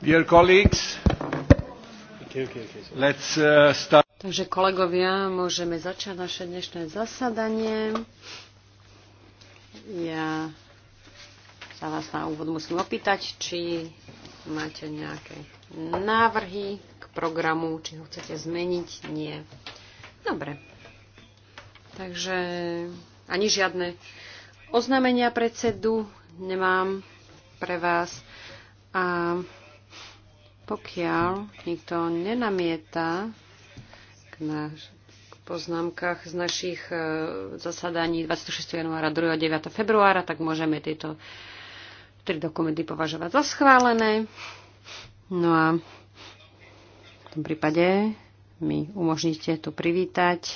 Dear colleagues, let's uh, start. Takže kolegovia, môžeme začať naše dnešné zasadanie. Ja sa vás na úvod musím opýtať, či máte nejaké návrhy k programu, či ho chcete zmeniť. Nie. Dobre. Takže ani žiadne oznámenia predsedu nemám pre vás. A pokiaľ nikto nenamieta k, naš, k poznámkach z našich e, zasadaní 26. januára, 2. a 9. februára, tak môžeme tieto tri dokumenty považovať za schválené. No a v tom prípade mi umožníte tu privítať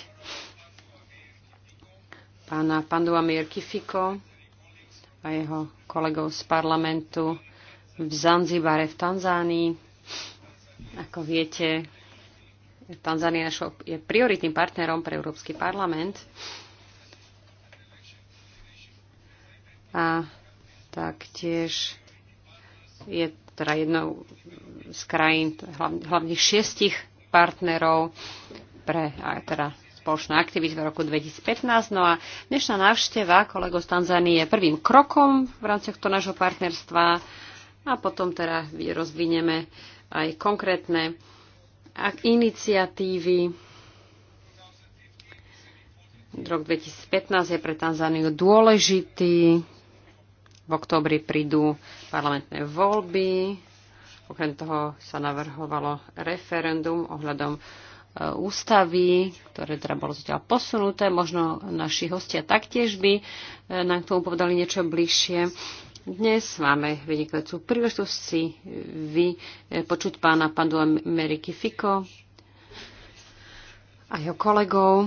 pána Pandua Kifiko a jeho kolegov z parlamentu v Zanzibare v Tanzánii. Ako viete, Tanzania je prioritným partnerom pre Európsky parlament. A taktiež je teda jednou z krajín, hlavných šiestich partnerov pre teda spoločnú aktivitu v roku 2015. No a dnešná návšteva kolego z Tanzánie je prvým krokom v rámci tohto nášho partnerstva a potom teda rozvineme aj konkrétne iniciatívy. Rok 2015 je pre Tanzániu dôležitý. V októbri prídu parlamentné voľby. Okrem toho sa navrhovalo referendum ohľadom e, ústavy, ktoré teda bolo zatiaľ posunuté. Možno naši hostia taktiež by e, nám k tomu povedali niečo bližšie. Dnes máme vynikajúcu príležitosť si vy eh, počuť pána Pandu Ameriky Fiko a jeho kolegov.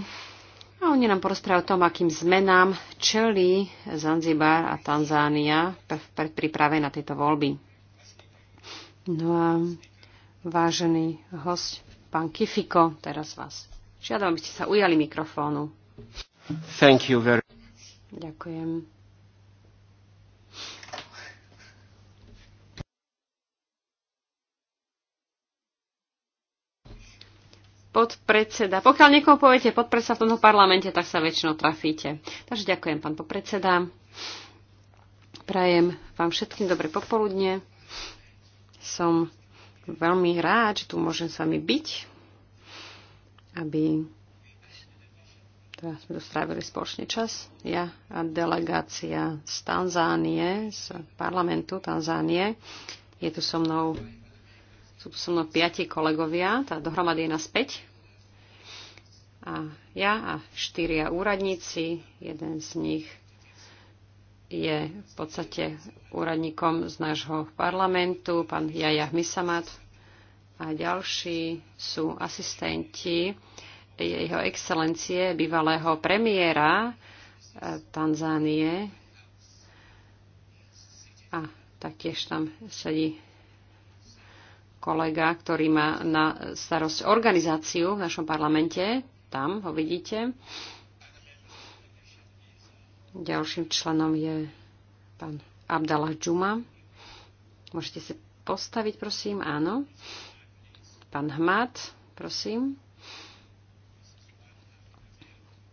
A oni nám porozprávajú o tom, akým zmenám čelí Zanzibar a Tanzánia pre príprave na tieto voľby. No a vážený host, pán Kifiko, teraz vás žiadam, aby ste sa ujali mikrofónu. Thank you very Ďakujem. podpredseda. Pokiaľ niekoho poviete podpredseda v tomto parlamente, tak sa väčšinou trafíte. Takže ďakujem, pán podpredseda. Prajem vám všetkým dobre popoludne. Som veľmi rád, že tu môžem s vami byť, aby teda sme dostrávili spoločný čas. Ja a delegácia z Tanzánie, z parlamentu Tanzánie, je tu so mnou sú tu so mnou piati kolegovia, tá dohromady je nás 5. A ja a štyria úradníci, jeden z nich je v podstate úradníkom z nášho parlamentu, pán Jaja Misamat. A ďalší sú asistenti jeho excelencie, bývalého premiéra e, Tanzánie. A taktiež tam sedí kolega, ktorý má na starosť organizáciu v našom parlamente. Tam ho vidíte. Ďalším členom je pán Abdallah Džuma. Môžete si postaviť, prosím. Áno. Pán Hmat, prosím.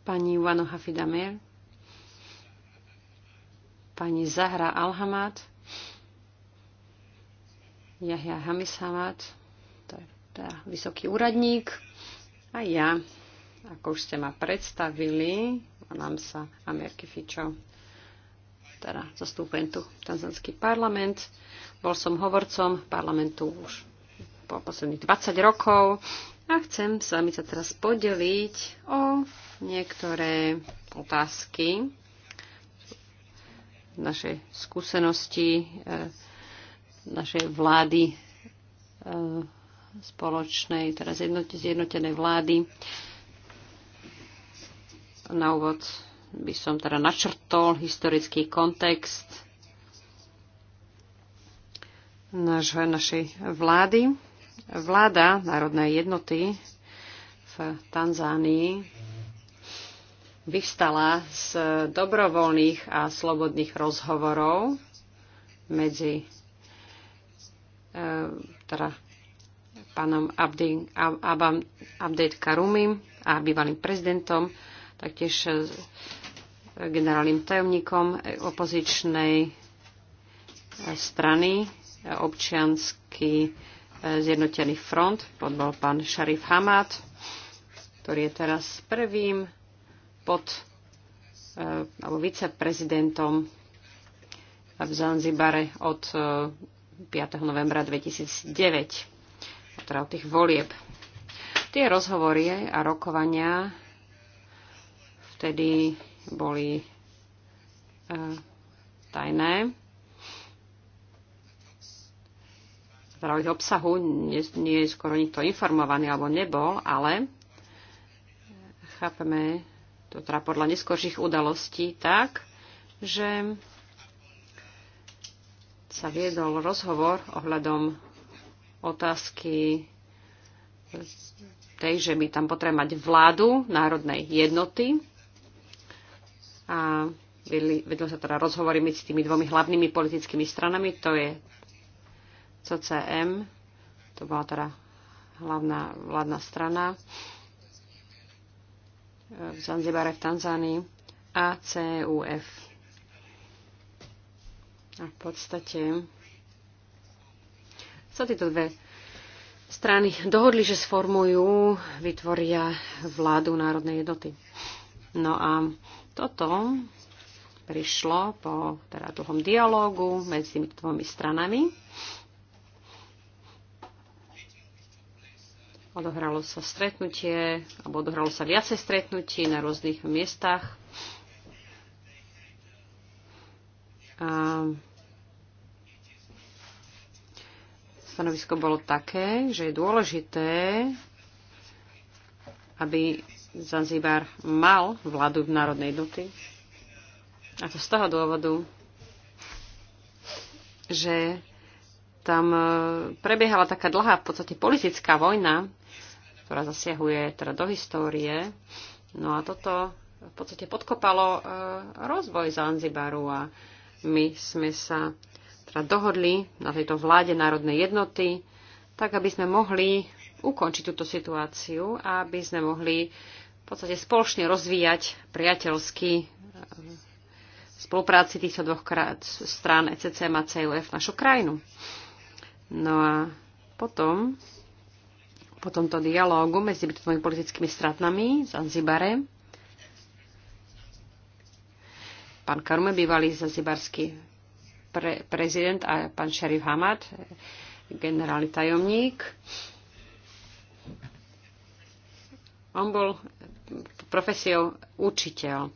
Pani Juano Hafidamer. Pani Zahra Alhamad Jahja Hamisavat, to je teda vysoký úradník, a ja, ako už ste ma predstavili, volám sa Amerky Fičo, teda zastúpen tu tanzanský parlament. Bol som hovorcom parlamentu už po posledných 20 rokov a chcem s vami sa teraz podeliť o niektoré otázky našej skúsenosti e, našej vlády e, spoločnej, teraz zjednotenej vlády. Na úvod by som teda načrtol historický kontext naš, našej vlády. Vláda národnej jednoty v Tanzánii vyvstala z dobrovoľných a slobodných rozhovorov medzi E, teda pánom Abdi, Abdejt Karumim a bývalým prezidentom, taktiež e, generálnym tajomníkom opozičnej e, strany občiansky zjednotený front. pod bol pán Šarif Hamad, ktorý je teraz prvým pod alebo viceprezidentom v Zanzibare od 5. novembra 2009, teda od tých volieb. Tie rozhovory a rokovania vtedy boli e, tajné. Teda o ich obsahu nie, nie je skoro nikto informovaný alebo nebol, ale chápeme to teda podľa neskorších udalostí tak, že sa viedol rozhovor ohľadom otázky tej, že by tam potreba mať vládu národnej jednoty. A vedlo sa teda rozhovory medzi tými dvomi hlavnými politickými stranami, to je CCM, to bola teda hlavná vládna strana e, v Zanzibare v Tanzánii a CUF a v podstate sa tieto dve strany dohodli, že sformujú, vytvoria vládu národnej jednoty. No a toto prišlo po teda dlhom dialógu medzi tými dvomi stranami. Odohralo sa stretnutie, alebo odohralo sa viacej stretnutí na rôznych miestach A stanovisko bolo také, že je dôležité, aby Zanzibar mal vládu v národnej jednoty. A to z toho dôvodu, že tam e, prebiehala taká dlhá v podstate politická vojna, ktorá zasiahuje teda do histórie. No a toto v podstate podkopalo e, rozvoj Zanzibaru a my sme sa teda dohodli na tejto vláde národnej jednoty, tak aby sme mohli ukončiť túto situáciu a aby sme mohli v podstate spoločne rozvíjať priateľsky eh, spolupráci týchto dvoch strán ECCM a CUF našu krajinu. No a potom, po tomto dialógu medzi dvomi politickými stratnami v Zanzibare, pán Karume, bývalý zazibarský pre, prezident a pán Šerif Hamad, generálny tajomník. On bol profesiou učiteľ.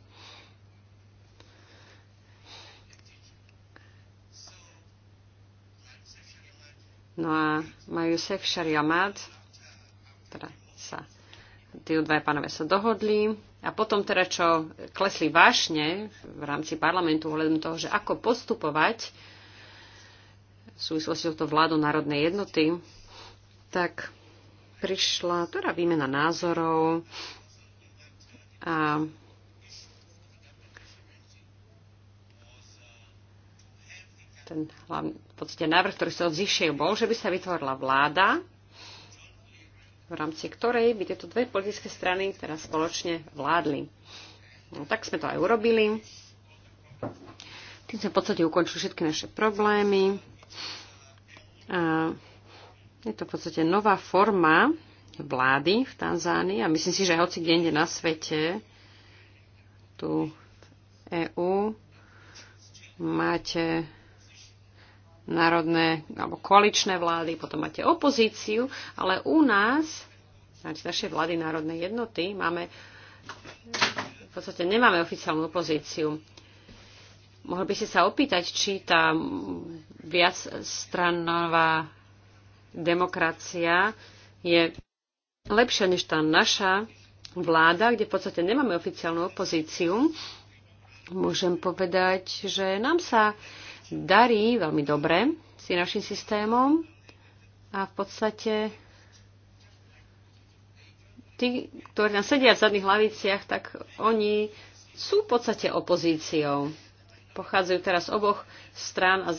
No a Majusef Šariamad, teda sa tí dvaja pánové sa dohodli, a potom teda, čo klesli vášne v rámci parlamentu ohľadom toho, že ako postupovať v súvislosti s touto vládou národnej jednoty, tak prišla teda výmena názorov a ten hlavný, v podstate návrh, ktorý sa odzišiel, bol, že by sa vytvorila vláda, v rámci ktorej by tieto dve politické strany teraz spoločne vládli. No, tak sme to aj urobili. Tým sme v podstate ukončili všetky naše problémy. A je to v podstate nová forma vlády v Tanzánii a myslím si, že hoci kde inde na svete tu v EU máte národné alebo koaličné vlády, potom máte opozíciu, ale u nás, znači naše vlády národnej jednoty, máme v podstate nemáme oficiálnu opozíciu. Mohol by ste sa opýtať, či tá viacstranová demokracia je lepšia než tá naša vláda, kde v podstate nemáme oficiálnu opozíciu. Môžem povedať, že nám sa darí veľmi dobre s našim systémom a v podstate tí, ktorí nám sedia v zadných hlaviciach, tak oni sú v podstate opozíciou. Pochádzajú teraz z oboch strán a,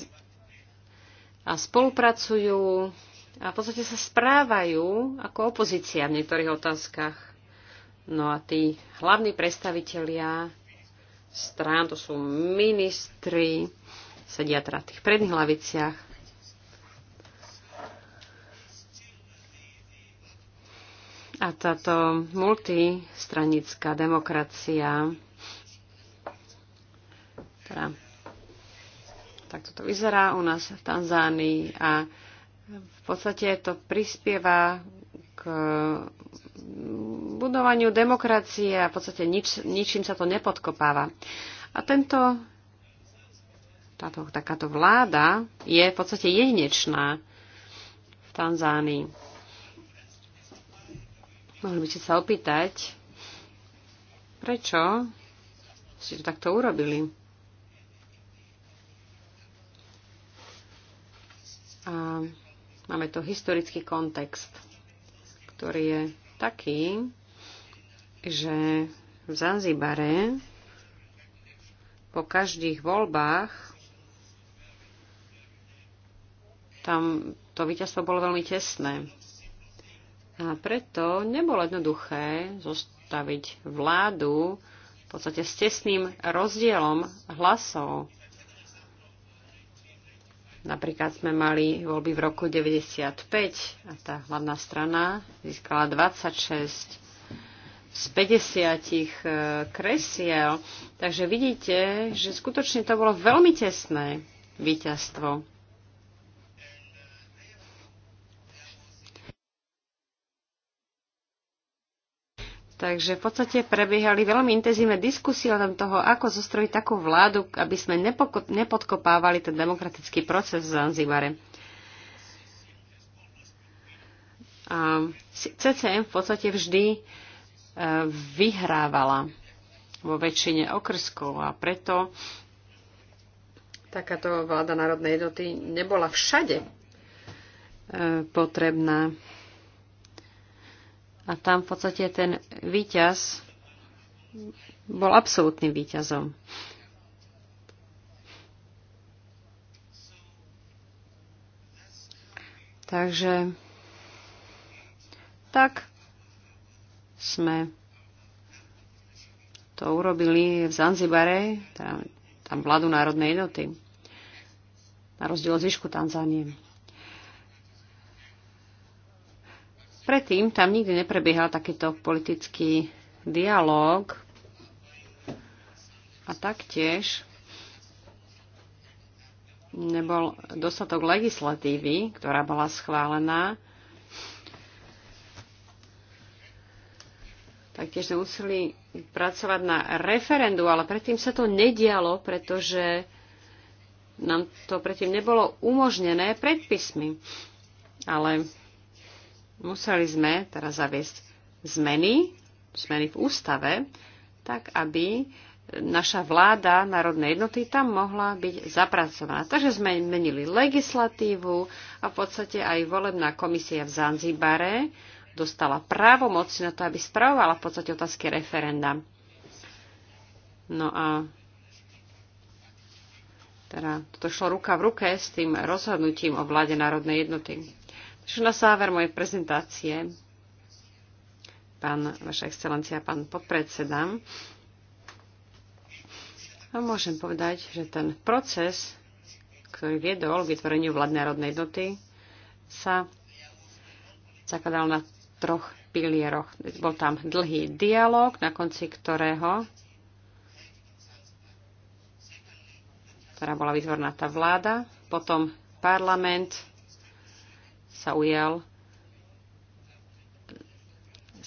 a spolupracujú a v podstate sa správajú ako opozícia v niektorých otázkach. No a tí hlavní predstavitelia strán, to sú ministri, sedia teda v tých predných laviciach. A táto multistranická demokracia, teda takto to vyzerá u nás v Tanzánii a v podstate to prispieva k budovaniu demokracie a v podstate nič, ničím sa to nepodkopáva. A tento táto, takáto vláda je v podstate jedinečná v Tanzánii. Mohli by ste sa opýtať, prečo ste to takto urobili? A máme tu historický kontext, ktorý je taký, že v Zanzibare po každých voľbách Tam to víťazstvo bolo veľmi tesné. A preto nebolo jednoduché zostaviť vládu v podstate s tesným rozdielom hlasov. Napríklad sme mali voľby v roku 95 a tá hlavná strana získala 26 z 50 e, kresiel. Takže vidíte, že skutočne to bolo veľmi tesné víťazstvo. Takže v podstate prebiehali veľmi intenzívne diskusie o tom toho, ako zostrojiť takú vládu, aby sme nepodkopávali ten demokratický proces v Zanzibare. A CCM v podstate vždy e, vyhrávala vo väčšine okrskov a preto takáto vláda národnej jednoty nebola všade e, potrebná. A tam v podstate ten výťaz bol absolútnym výťazom. Takže tak sme to urobili v Zanzibare, tam, teda tam vládu národnej jednoty, na rozdiel od zvyšku Tanzánie. Predtým tam nikdy neprebiehal takýto politický dialog a taktiež nebol dostatok legislatívy, ktorá bola schválená. Taktiež sme museli pracovať na referendu, ale predtým sa to nedialo, pretože nám to predtým nebolo umožnené predpismy. Ale museli sme teraz zaviesť zmeny, zmeny v ústave, tak aby naša vláda národnej jednoty tam mohla byť zapracovaná. Takže sme menili legislatívu a v podstate aj volebná komisia v Zanzibare dostala právomoc na to, aby spravovala v podstate otázky referenda. No a teda toto šlo ruka v ruke s tým rozhodnutím o vláde národnej jednoty. Čiže na záver mojej prezentácie, pán, vaša excelencia, pán podpredseda, a no, môžem povedať, že ten proces, ktorý viedol k vytvoreniu vládnej rodnej jednoty, sa zakladal na troch pilieroch. Bol tam dlhý dialog, na konci ktorého ktorá bola vytvorná tá vláda, potom parlament, sa ujal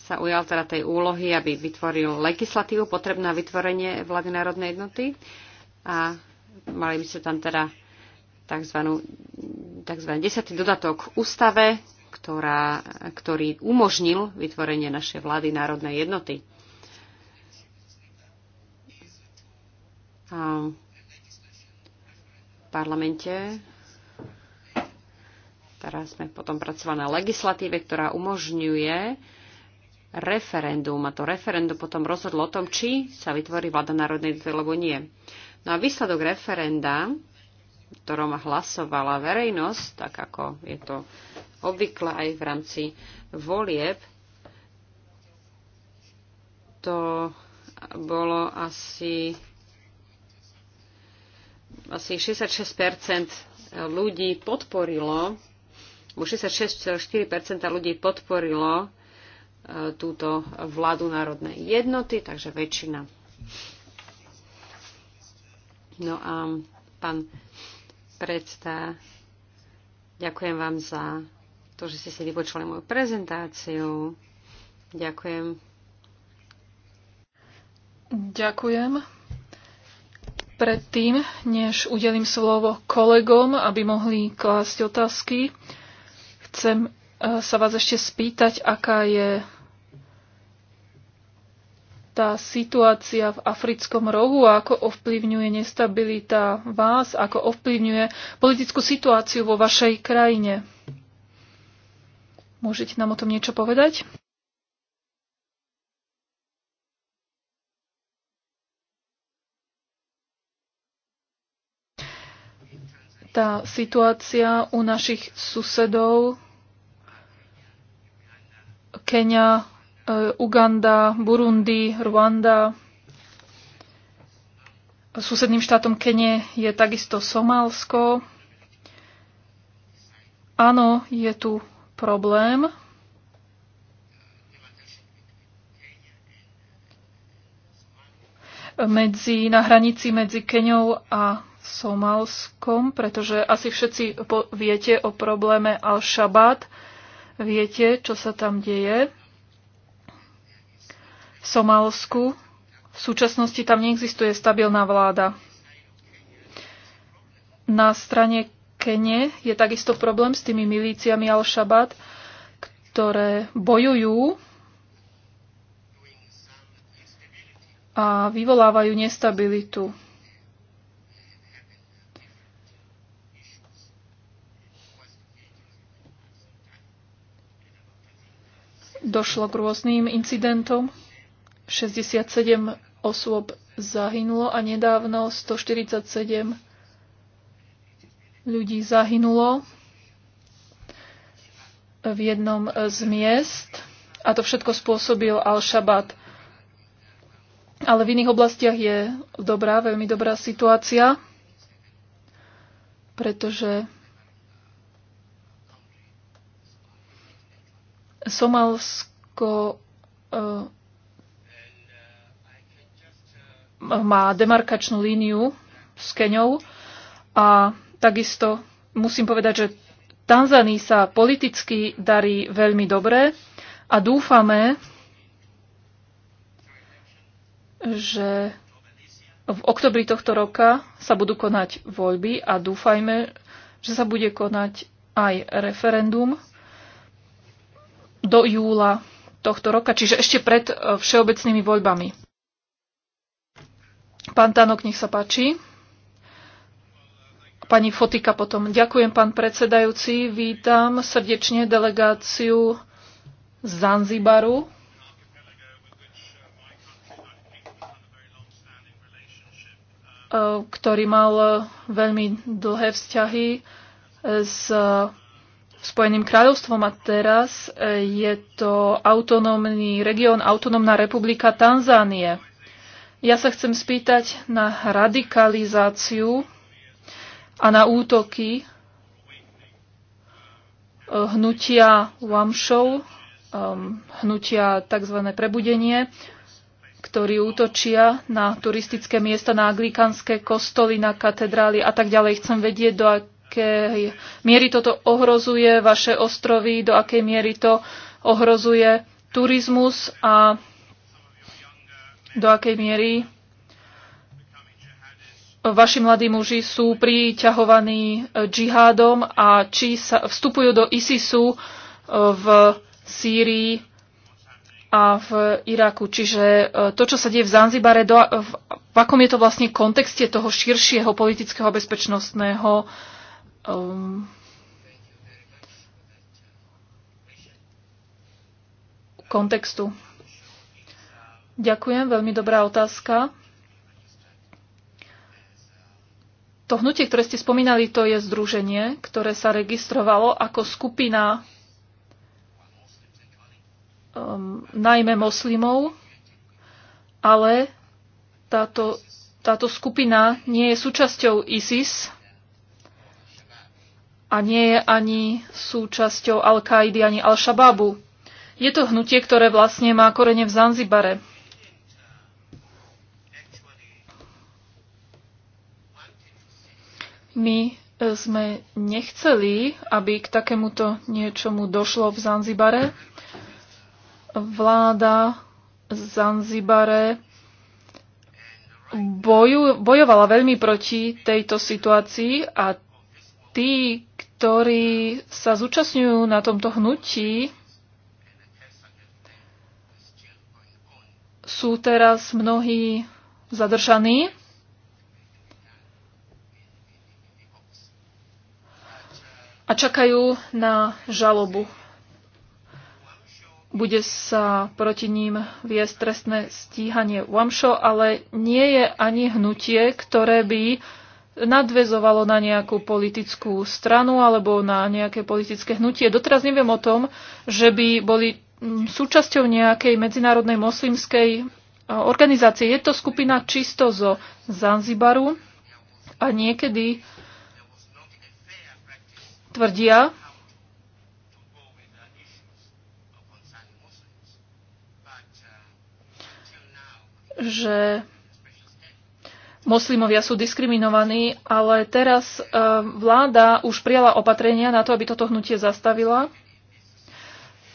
sa ujal teda tej úlohy, aby vytvoril legislatívu potrebnú na vytvorenie vlády národnej jednoty a mali by ste tam teda tzv. tzv. desiatý dodatok k ústave, ktorá, ktorý umožnil vytvorenie našej vlády národnej jednoty. A v parlamente Teraz sme potom pracovali na legislatíve, ktorá umožňuje referendum. A to referendum potom rozhodlo o tom, či sa vytvorí vláda národnej jednoty, alebo nie. No a výsledok referenda, v ktorom hlasovala verejnosť, tak ako je to obvykle aj v rámci volieb, to bolo asi, asi 66% ľudí podporilo už 66,4 ľudí podporilo e, túto vládu národnej jednoty, takže väčšina. No a pán predsta, ďakujem vám za to, že ste si vypočuli moju prezentáciu. Ďakujem. Ďakujem. Predtým, než udelím slovo kolegom, aby mohli klásť otázky, Chcem e, sa vás ešte spýtať, aká je tá situácia v africkom rohu a ako ovplyvňuje nestabilita vás, ako ovplyvňuje politickú situáciu vo vašej krajine. Môžete nám o tom niečo povedať? tá situácia u našich susedov Kenia, e, Uganda, Burundi, Rwanda. Susedným štátom Kenie je takisto Somálsko. Áno, je tu problém. Medzi, na hranici medzi Keniou a Somalskom, pretože asi všetci viete o probléme Al-Shabaab, viete, čo sa tam deje. V Somalsku. v súčasnosti tam neexistuje stabilná vláda. Na strane Kene je takisto problém s tými milíciami Al-Shabaab, ktoré bojujú a vyvolávajú nestabilitu. Došlo k rôznym incidentom. 67 osôb zahynulo a nedávno 147 ľudí zahynulo v jednom z miest. A to všetko spôsobil Al-Shabaab. Ale v iných oblastiach je dobrá, veľmi dobrá situácia, pretože Somalsko eh, má demarkačnú líniu s Keňou a takisto musím povedať, že Tanzánii sa politicky darí veľmi dobre a dúfame, že v oktobri tohto roka sa budú konať voľby a dúfajme, že sa bude konať aj referendum do júla tohto roka, čiže ešte pred e, všeobecnými voľbami. Pán Tanok, nech sa páči. Pani Fotika potom. Ďakujem, pán predsedajúci. Vítam srdečne delegáciu z Zanzibaru. E, ktorý mal veľmi dlhé vzťahy s Spojeným kráľovstvom a teraz e, je to autonómny región, autonómna republika Tanzánie. Ja sa chcem spýtať na radikalizáciu a na útoky e, hnutia Wamshow, e, hnutia tzv. prebudenie, ktorí útočia na turistické miesta, na anglikánske kostoly, na katedrály a tak ďalej. Chcem vedieť, do akej miery toto ohrozuje vaše ostrovy, do akej miery to ohrozuje turizmus a do akej miery vaši mladí muži sú priťahovaní eh, džihádom a či sa vstupujú do ISISu eh, v Sýrii a v Iraku. Čiže eh, to, čo sa deje v Zanzibare, do, v, v akom je to vlastne kontexte toho širšieho politického a bezpečnostného um, kontextu. Ďakujem, veľmi dobrá otázka. To hnutie, ktoré ste spomínali, to je združenie, ktoré sa registrovalo ako skupina um, najmä moslimov, ale táto, táto skupina nie je súčasťou ISIS, a nie je ani súčasťou Al-Kaidy ani Al-Shababu. Je to hnutie, ktoré vlastne má korene v Zanzibare. My e, sme nechceli, aby k takémuto niečomu došlo v Zanzibare. Vláda Zanzibare bojovala veľmi proti tejto situácii a tí, ktorí sa zúčastňujú na tomto hnutí, sú teraz mnohí zadržaní. A čakajú na žalobu. Bude sa proti ním viesť trestné stíhanie Wamšo, ale nie je ani hnutie, ktoré by nadvezovalo na nejakú politickú stranu alebo na nejaké politické hnutie. Doteraz neviem o tom, že by boli mm, súčasťou nejakej medzinárodnej moslimskej e, organizácie. Je to skupina čisto zo Zanzibaru a niekedy tvrdia, že moslimovia sú diskriminovaní, ale teraz e, vláda už prijala opatrenia na to, aby toto hnutie zastavila.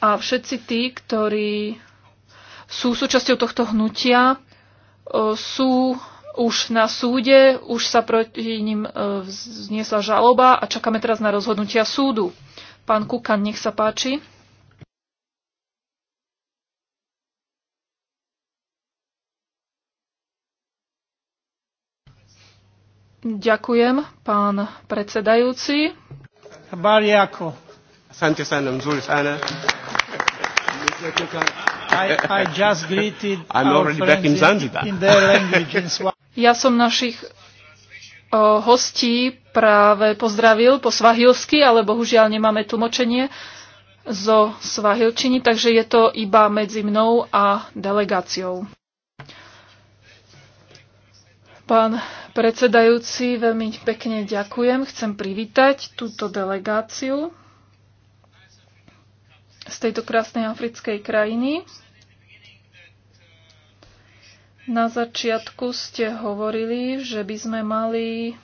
A všetci tí, ktorí sú súčasťou tohto hnutia, e, sú už na súde, už sa proti ním e, vzniesla žaloba a čakáme teraz na rozhodnutia súdu. Pán Kukan, nech sa páči. Ďakujem, pán predsedajúci. Bariako. ja som našich hostí práve pozdravil po svahilsky, ale bohužiaľ nemáme tlmočenie zo svahilčiny, takže je to iba medzi mnou a delegáciou. Pán predsedajúci, veľmi pekne ďakujem. Chcem privítať túto delegáciu z tejto krásnej africkej krajiny. Na začiatku ste hovorili, že by sme mali eh,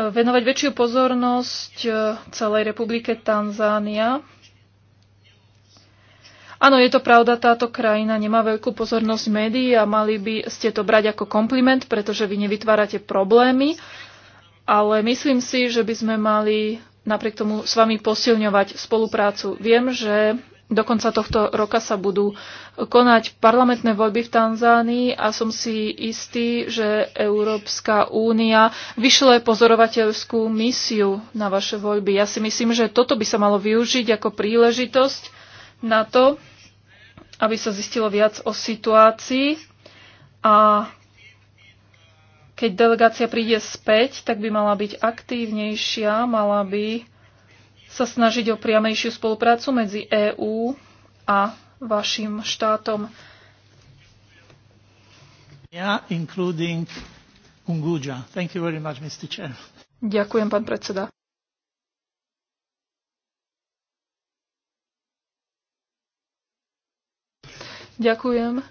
venovať väčšiu pozornosť eh, celej republike Tanzánia Áno, je to pravda, táto krajina nemá veľkú pozornosť médií a mali by ste to brať ako kompliment, pretože vy nevytvárate problémy, ale myslím si, že by sme mali napriek tomu s vami posilňovať spoluprácu. Viem, že do konca tohto roka sa budú konať parlamentné voľby v Tanzánii a som si istý, že Európska únia vyšle pozorovateľskú misiu na vaše voľby. Ja si myslím, že toto by sa malo využiť ako príležitosť na to, aby sa zistilo viac o situácii a keď delegácia príde späť, tak by mala byť aktívnejšia, mala by sa snažiť o priamejšiu spoluprácu medzi EÚ a vašim štátom. including Thank you very much, Mr. Chair. Ďakujem, pán predseda. Ďakujem.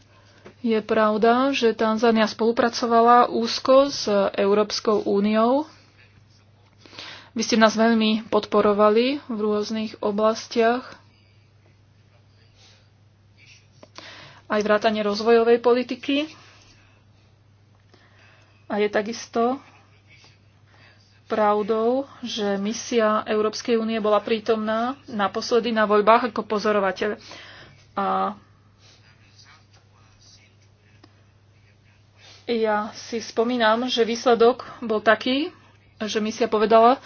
Je pravda, že Tanzania spolupracovala úzko s Európskou úniou. Vy ste nás veľmi podporovali v rôznych oblastiach, aj vrátanie rozvojovej politiky. A je takisto pravdou, že misia Európskej únie bola prítomná naposledy na voľbách ako pozorovateľ. A Ja si spomínam, že výsledok bol taký, že misia povedala,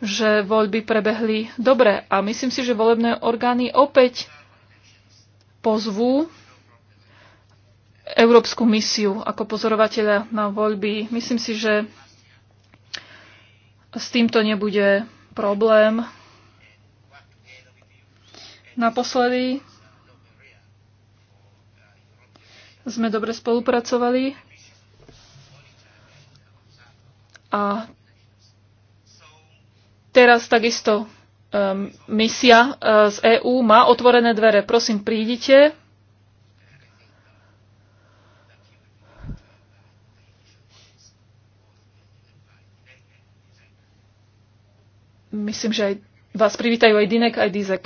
že voľby prebehli dobre a myslím si, že volebné orgány opäť pozvú európsku misiu ako pozorovateľa na voľby. Myslím si, že s týmto nebude problém. Naposledy sme dobre spolupracovali A teraz takisto um, misia uh, z EÚ má otvorené dvere. Prosím, prídite. Myslím, že aj vás privítajú aj Dinek, aj Dizek.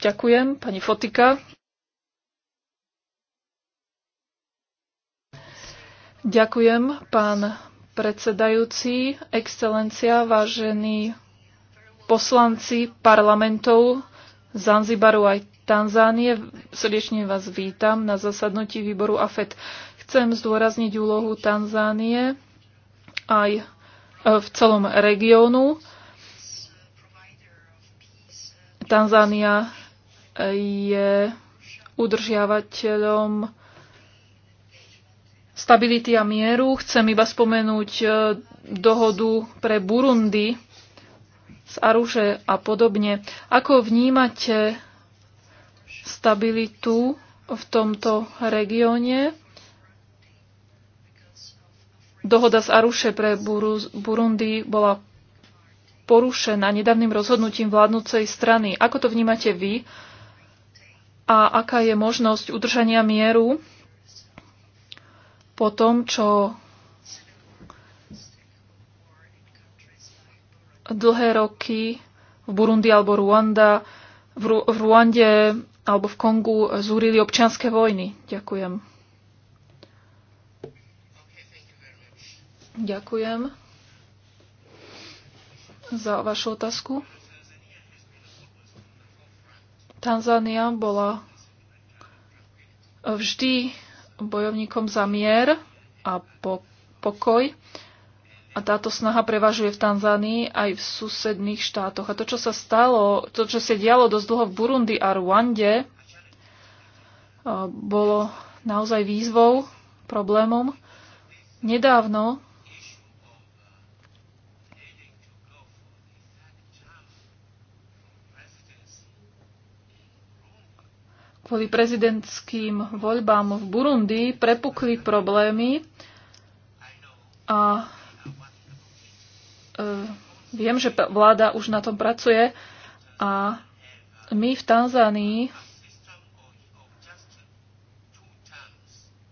Ďakujem, pani Fotika. Ďakujem, pán predsedajúci, excelencia, vážení poslanci parlamentov Zanzibaru aj Tanzánie, srdečne vás vítam na zasadnutí výboru AFET. Chcem zdôrazniť úlohu Tanzánie aj e, v celom regiónu. Tanzánia e, je udržiavateľom stability a mieru. Chcem iba spomenúť e, dohodu pre Burundi z Aruže a podobne. Ako vnímate stabilitu v tomto regióne? Dohoda z Aruše pre Burundi bola porušená nedávnym rozhodnutím vládnúcej strany. Ako to vnímate vy? A aká je možnosť udržania mieru po tom, čo dlhé roky v Burundi alebo Ruanda, v, Ru- v Ruande alebo v Kongu zúrili občianské vojny. Ďakujem. Ďakujem za vašu otázku. Tanzánia bola vždy bojovníkom za mier a po, pokoj. A táto snaha prevažuje v Tanzánii aj v susedných štátoch. A to, čo sa stalo, to, čo sa dialo dosť dlho v Burundi a Ruande, bolo naozaj výzvou, problémom. Nedávno kvôli prezidentským voľbám v Burundi prepukli problémy a e, viem, že vláda už na tom pracuje a my v Tanzánii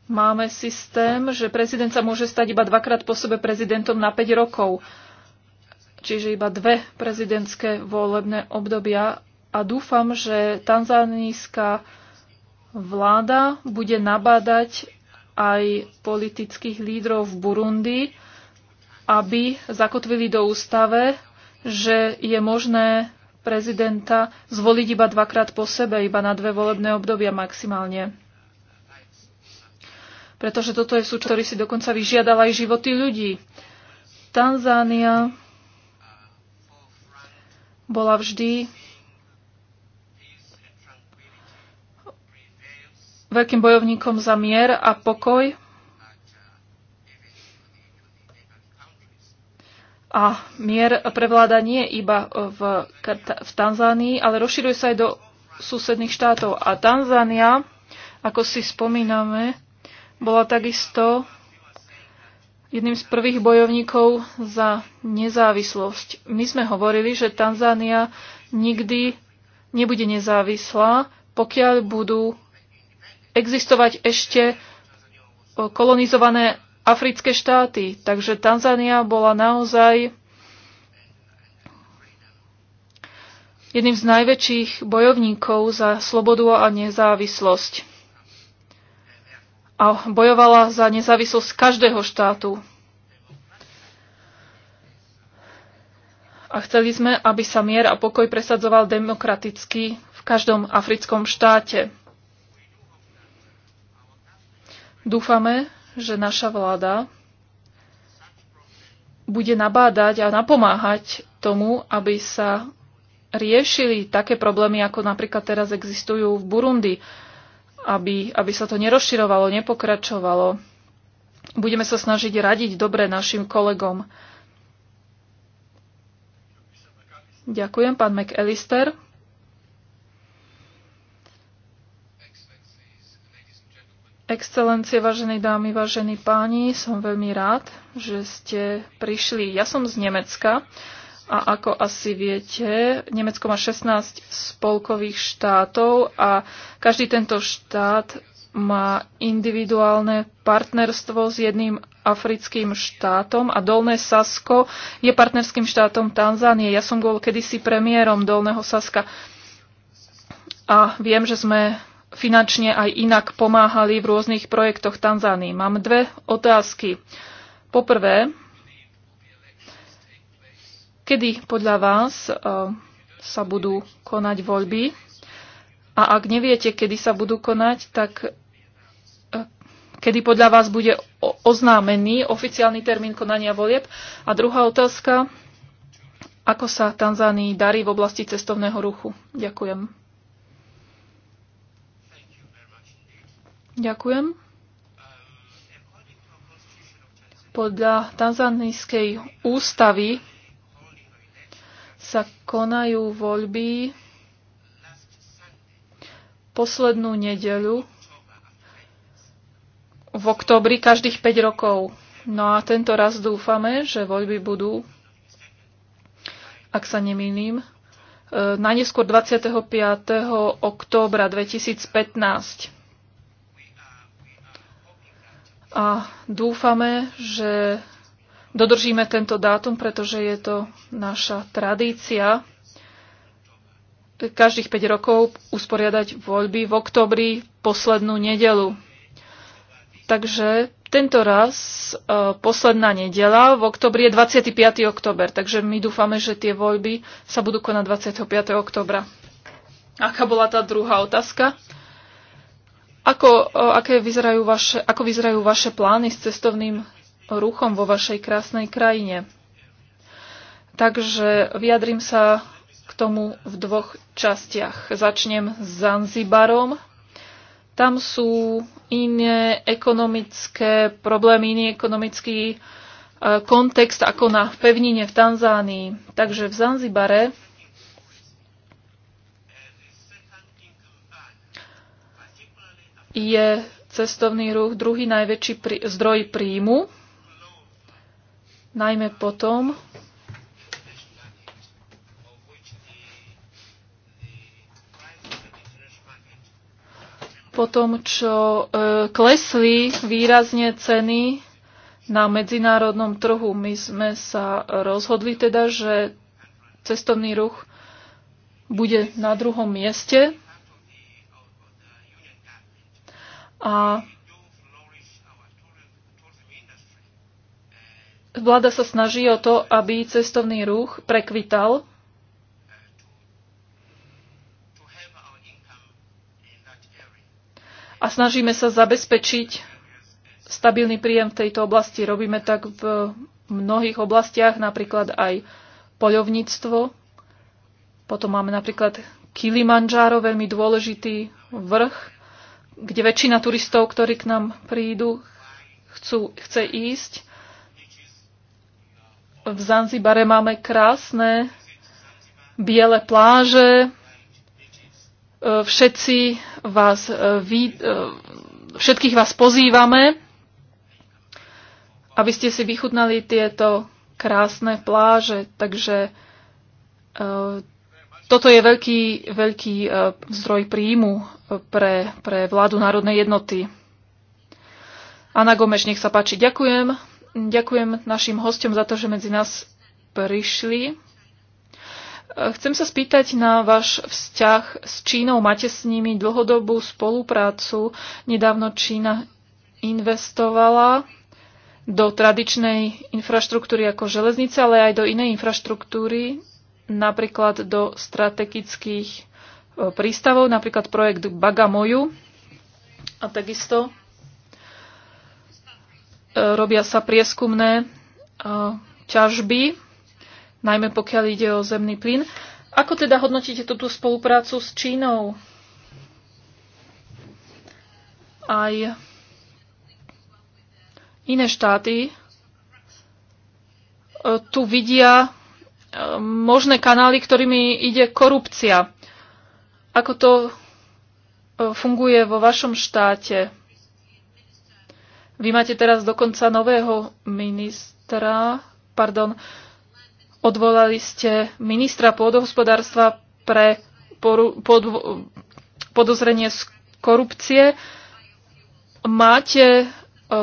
máme systém, že prezident sa môže stať iba dvakrát po sebe prezidentom na 5 rokov. Čiže iba dve prezidentské volebné obdobia. A dúfam, že tanzánska Vláda bude nabádať aj politických lídrov v Burundi, aby zakotvili do ústave, že je možné prezidenta zvoliť iba dvakrát po sebe, iba na dve volebné obdobia maximálne. Pretože toto je súč, ktorý si dokonca vyžiadal aj životy ľudí. Tanzánia bola vždy veľkým bojovníkom za mier a pokoj. A mier prevláda nie iba v, v Tanzánii, ale rozširuje sa aj do susedných štátov. A Tanzánia, ako si spomíname, bola takisto jedným z prvých bojovníkov za nezávislosť. My sme hovorili, že Tanzánia nikdy nebude nezávislá, pokiaľ budú existovať ešte e, kolonizované africké štáty. Takže Tanzania bola naozaj jedným z najväčších bojovníkov za slobodu a nezávislosť. A bojovala za nezávislosť každého štátu. A chceli sme, aby sa mier a pokoj presadzoval demokraticky v každom africkom štáte. Dúfame, že naša vláda bude nabádať a napomáhať tomu, aby sa riešili také problémy, ako napríklad teraz existujú v Burundi, aby, aby sa to nerozširovalo, nepokračovalo. Budeme sa snažiť radiť dobre našim kolegom. Ďakujem, pán McAllister. Excelencie, vážené dámy, vážení páni, som veľmi rád, že ste prišli. Ja som z Nemecka a ako asi viete, Nemecko má 16 spolkových štátov a každý tento štát má individuálne partnerstvo s jedným africkým štátom a Dolné Sasko je partnerským štátom Tanzánie. Ja som bol kedysi premiérom Dolného Saska a viem, že sme finančne aj inak pomáhali v rôznych projektoch Tanzánii. Mám dve otázky. Poprvé, kedy podľa vás e, sa budú konať voľby? A ak neviete, kedy sa budú konať, tak e, kedy podľa vás bude oznámený oficiálny termín konania volieb? A druhá otázka, ako sa Tanzánii darí v oblasti cestovného ruchu? Ďakujem. Ďakujem. Podľa tanzanijskej ústavy sa konajú voľby poslednú nedeľu v oktobri každých 5 rokov. No a tento raz dúfame, že voľby budú, ak sa nemýlim, e, najneskôr 25. októbra 2015 a dúfame, že dodržíme tento dátum, pretože je to naša tradícia každých 5 rokov usporiadať voľby v oktobri poslednú nedelu. Takže tento raz e, posledná nedela v oktobri je 25. oktober, takže my dúfame, že tie voľby sa budú konať 25. oktobra. Aká bola tá druhá otázka? Ako, e, aké vyzerajú vaše, ako vyzerajú vaše plány s cestovným ruchom vo vašej krásnej krajine? Takže vyjadrím sa k tomu v dvoch častiach. Začnem s Zanzibarom. Tam sú iné ekonomické problémy, iný ekonomický e, kontext ako na pevnine v Tanzánii. Takže v Zanzibare je cestovný ruch druhý najväčší prí, zdroj príjmu, najmä potom, po tom, čo e, klesli výrazne ceny na medzinárodnom trhu. My sme sa rozhodli teda, že cestovný ruch bude na druhom mieste a vláda sa snaží o to, aby cestovný ruch prekvital. A snažíme sa zabezpečiť stabilný príjem v tejto oblasti. Robíme tak v mnohých oblastiach, napríklad aj poľovníctvo. Potom máme napríklad Kilimanjaro, veľmi dôležitý vrch kde väčšina turistov, ktorí k nám prídu, chcú, chce ísť. V Zanzibare máme krásne biele pláže. Všetci vás, eh, vy, eh, všetkých vás pozývame, aby ste si vychutnali tieto krásne pláže. Takže eh, toto je veľký, veľký e, zdroj príjmu e, pre, pre vládu národnej jednoty. Anna Gomeš, nech sa páči. Ďakujem. Ďakujem našim hostom za to, že medzi nás prišli. E, chcem sa spýtať na váš vzťah s Čínou. Máte s nimi dlhodobú spoluprácu. Nedávno Čína investovala do tradičnej infraštruktúry ako železnice, ale aj do inej infraštruktúry, napríklad do strategických e, prístavov, napríklad projekt Bagamoju a takisto e, robia sa prieskumné e, ťažby, najmä pokiaľ ide o zemný plyn. Ako teda hodnotíte túto spoluprácu s Čínou? Aj iné štáty tu vidia možné kanály, ktorými ide korupcia. Ako to e, funguje vo vašom štáte? Vy máte teraz dokonca nového ministra, pardon, odvolali ste ministra pôdohospodárstva pre poru, pod, podozrenie z korupcie. Máte e,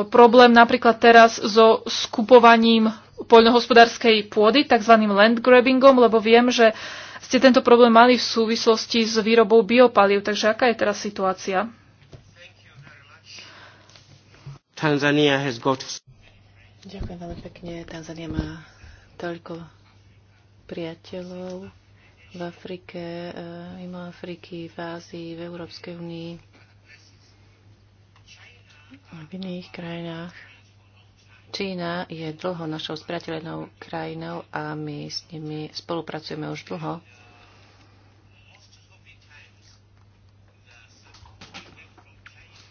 problém napríklad teraz so skupovaním poľnohospodárskej pôdy, tzv. land grabbingom, lebo viem, že ste tento problém mali v súvislosti s výrobou biopaliv, Takže aká je teraz situácia? Tanzania has got... Ďakujem veľmi pekne. Tanzania má toľko priateľov v Afrike, eh, mimo Afriky, v Ázii, v Európskej únii, v iných krajinách. Čína je dlho našou spriateľenou krajinou a my s nimi spolupracujeme už dlho.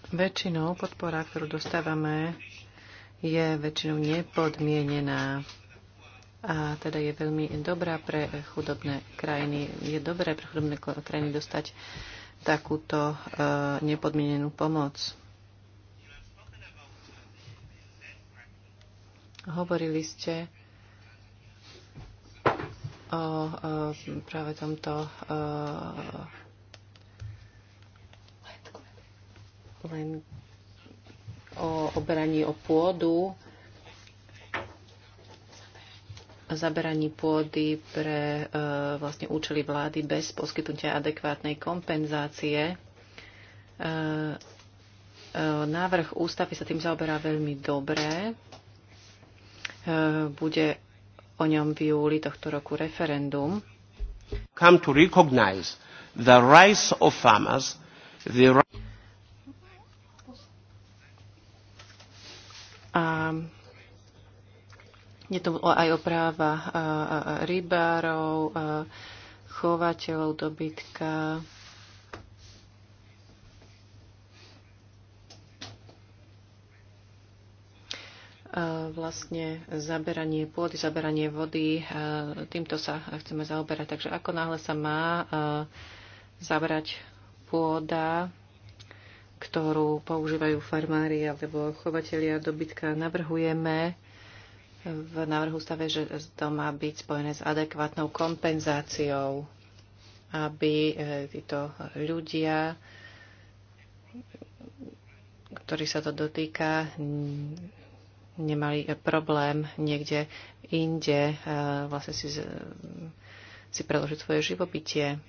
Väčšinou podpora, ktorú dostávame, je väčšinou nepodmienená a teda je veľmi dobrá pre chudobné krajiny. Je dobré pre chudobné krajiny dostať takúto e, nepodmienenú pomoc. Hovorili ste o práve tomto len o oberaní o pôdu, zaberaní pôdy pre e, vlastne účely vlády bez poskytnutia adekvátnej kompenzácie. E, e, návrh ústavy sa tým zaoberá veľmi dobre. Eh, bude o ňom v júli tohto roku referendum. Come to recognize the rights of farmers, the A je to aj o práva eh, eh, rybárov, chovateľov dobytka, vlastne zaberanie pôdy, zaberanie vody, týmto sa chceme zaoberať. Takže ako náhle sa má zabrať pôda, ktorú používajú farmári alebo chovatelia dobytka, navrhujeme v návrhu stave, že to má byť spojené s adekvátnou kompenzáciou, aby e, títo ľudia, ktorí sa to dotýka, nemali problém niekde inde e, vlastne si, si preložiť svoje živobytie.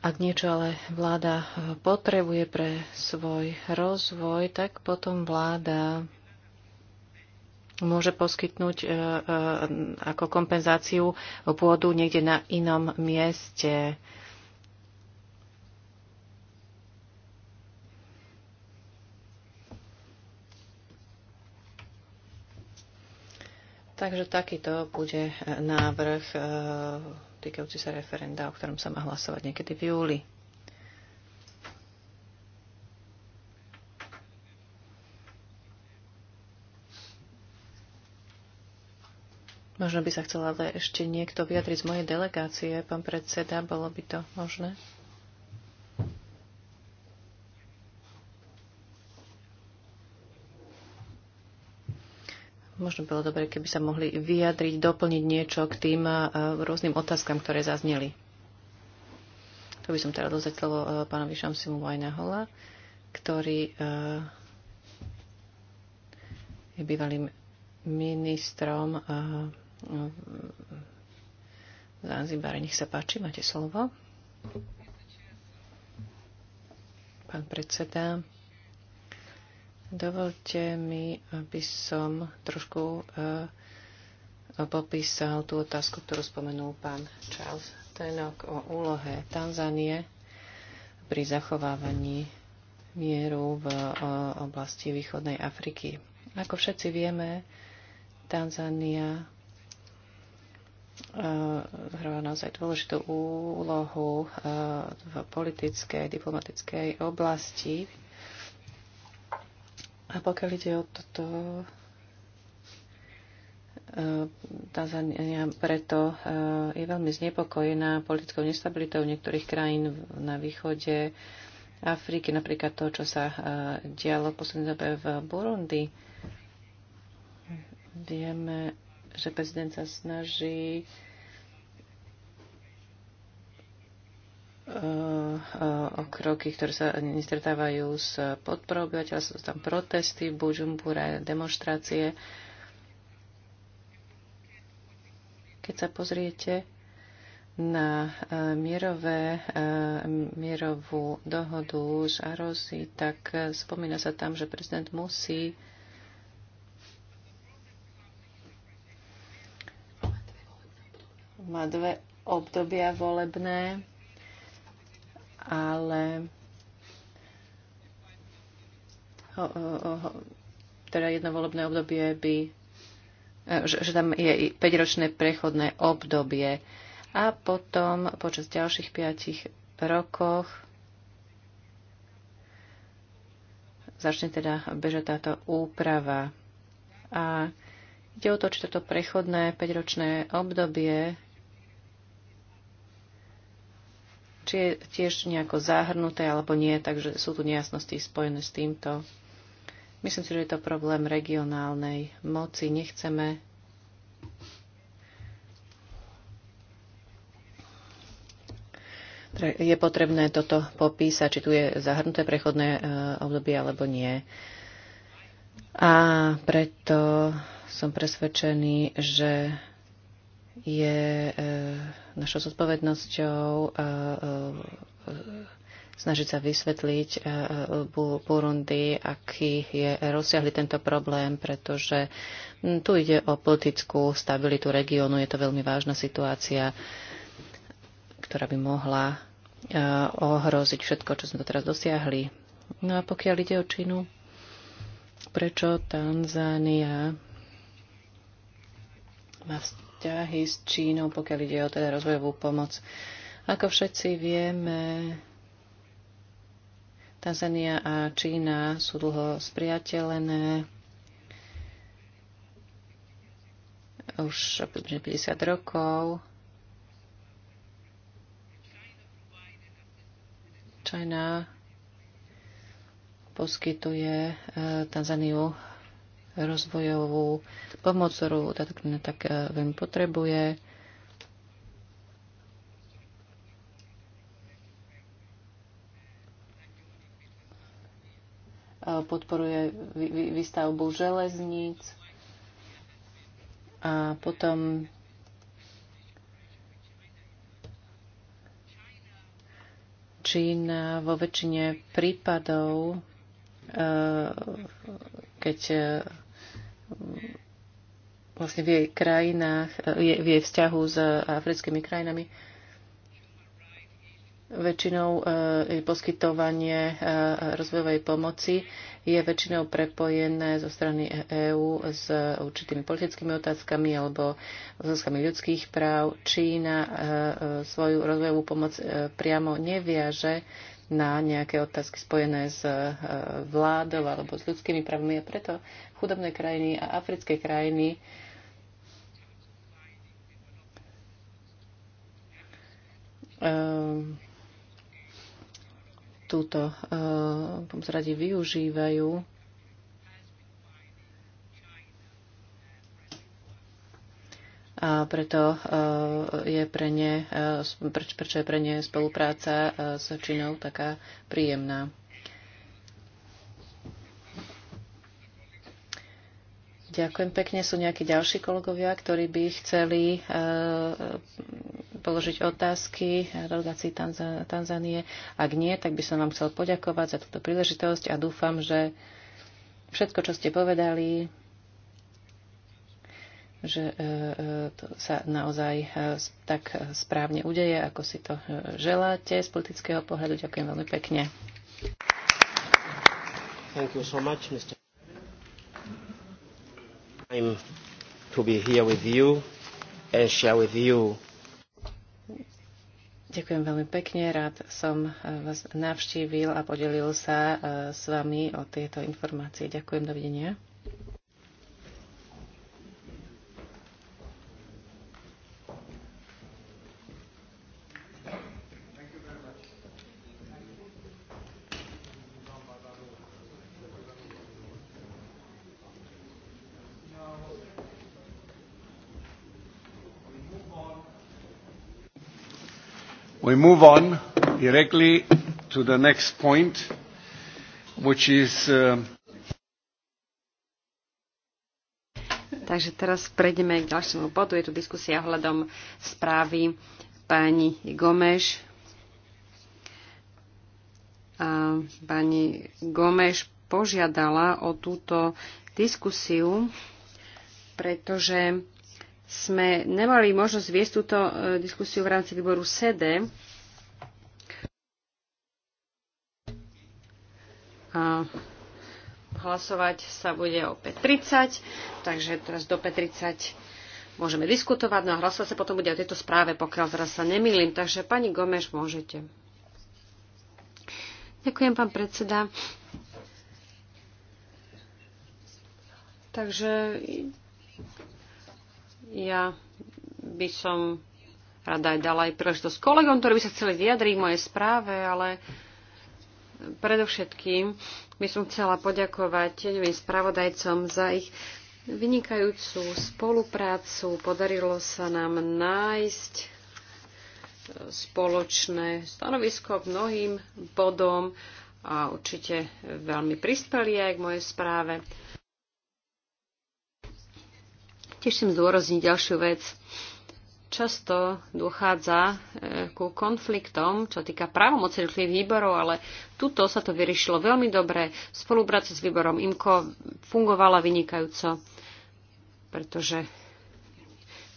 Ak niečo ale vláda potrebuje pre svoj rozvoj, tak potom vláda môže poskytnúť e, e, ako kompenzáciu pôdu niekde na inom mieste. Takže takýto bude e, návrh e, týkajúci sa referenda, o ktorom sa má hlasovať niekedy v júli. Možno by sa chcela ale ešte niekto vyjadriť z mojej delegácie, pán predseda, bolo by to možné? Možno bolo dobre, keby sa mohli vyjadriť, doplniť niečo k tým e, rôznym otázkam, ktoré zazneli. To by som teraz dozať slovo e, pánovi Šamsimu Vajnahola, ktorý e, je bývalým ministrom v Zanzibare. Nech sa páči, máte slovo. Pán predseda, Dovolte mi, aby som trošku eh, popísal tú otázku, ktorú spomenul pán Charles Tenok o úlohe Tanzánie pri zachovávaní mieru v eh, oblasti východnej Afriky. Ako všetci vieme, Tanzánia eh, hrá naozaj dôležitú úlohu v politickej, diplomatickej oblasti a pokiaľ ide o toto, e, Tanzania preto e, je veľmi znepokojená politickou nestabilitou niektorých krajín na východe Afriky, napríklad to, čo sa e, dialo v poslednej dobe v Burundi. Vieme, že prezident sa snaží Eh, eh, o kroky, ktoré sa nestretávajú s podporou Sú tam protesty, Bujumbura, demonstrácie. Keď sa pozriete na eh, mierové, mierovú dohodu z Arozy, tak spomína sa tam, že prezident musí má dve obdobia volebné ale ho, ho, ho, teda jedno volebné obdobie by, e, že, že tam je 5-ročné prechodné obdobie a potom počas ďalších 5 rokoch začne teda bežať táto úprava. A ide o to, či toto prechodné 5-ročné obdobie či je tiež nejako zahrnuté alebo nie, takže sú tu nejasnosti spojené s týmto. Myslím si, že je to problém regionálnej moci. Nechceme je potrebné toto popísať, či tu je zahrnuté prechodné e, obdobie alebo nie. A preto som presvedčený, že je eh, našou zodpovednosťou eh, eh, snažiť sa vysvetliť Burundi, aký je rozsiahli tento problém, pretože hm, tu ide o politickú stabilitu regiónu. Je to veľmi vážna situácia, ktorá by mohla ohroziť všetko, čo sme doteraz dosiahli. No a pokiaľ ide o Čínu, prečo Tanzánia má vzťahy s Čínou, pokiaľ ide o teda rozvojovú pomoc. Ako všetci vieme, Tanzania a Čína sú dlho spriateľené. už 50 rokov. Čína poskytuje eh, Tanzaniu rozvojovú pomoc, ktorú táto krajina tak eh, veľmi potrebuje. Podporuje výstavbu železníc a potom Čína vo väčšine prípadov eh, keď vlastne v jej krajinách, e, v jej vzťahu s africkými krajinami, väčšinou e, poskytovanie e, rozvojovej pomoci je väčšinou prepojené zo strany EÚ s určitými politickými otázkami alebo otázkami ľudských práv. Čína svoju rozvojovú pomoc priamo neviaže na nejaké otázky spojené s e, vládou alebo s ľudskými právami. A preto chudobné krajiny a africké krajiny e, túto e, pomzradi využívajú a preto e, je pre ne, e, preč, prečo je pre ne spolupráca e, s Čínou taká príjemná. Ďakujem pekne. Sú nejakí ďalší kolegovia, ktorí by chceli položiť otázky delegácii Tanzanie. Ak nie, tak by som vám chcel poďakovať za túto príležitosť a dúfam, že všetko, čo ste povedali, že e, e, to sa naozaj e, tak správne udeje, ako si to želáte z politického pohľadu. Ďakujem veľmi pekne. Thank you so much, Mr. I'm to be here with you and share with you. Ďakujem veľmi pekne, rád som vás navštívil a podelil sa s vami o tieto informácie. Ďakujem, dovidenia. We move on directly to the next point, which is... Uh, Takže teraz prejdeme k ďalšiemu bodu. Je tu diskusia hľadom správy pani Gomeš. A pani Gomeš požiadala o túto diskusiu, pretože sme nemali možnosť viesť túto e, diskusiu v rámci výboru SEDE. A hlasovať sa bude o 5.30, takže teraz do 5.30 môžeme diskutovať, no a hlasovať sa potom bude o tejto správe, pokiaľ teraz sa nemýlim. Takže pani Gomeš, môžete. Ďakujem, pán predseda. Takže ja by som rada aj dala aj príležitosť kolegom, ktorí by sa chceli vyjadriť v správe, ale predovšetkým by som chcela poďakovať tieňovým spravodajcom za ich vynikajúcu spoluprácu. Podarilo sa nám nájsť e, spoločné stanovisko k mnohým bodom a určite veľmi prispeli aj k mojej správe. Tiež chcem zdôrazniť ďalšiu vec. Často dochádza e, ku konfliktom, čo týka právomoci jednotlivých výborov, ale tuto sa to vyriešilo veľmi dobre. Spolupráca s výborom IMKO fungovala vynikajúco, pretože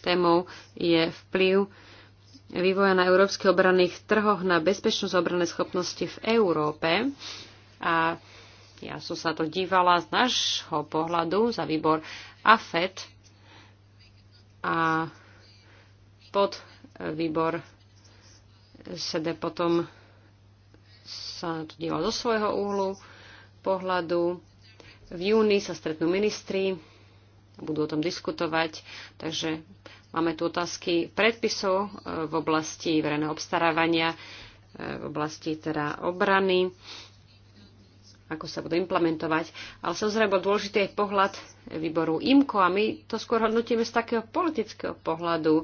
témou je vplyv vývoja na európskych obranných trhoch na bezpečnosť obranné schopnosti v Európe. A ja som sa to dívala z nášho pohľadu za výbor AFET a pod výbor SED potom sa to díval zo svojho úhlu pohľadu. V júni sa stretnú ministri, budú o tom diskutovať, takže máme tu otázky predpisov e, v oblasti verejného obstarávania, e, v oblasti teda obrany ako sa budú implementovať. Ale samozrejme bol dôležitý aj pohľad výboru IMKO a my to skôr hodnotíme z takého politického pohľadu.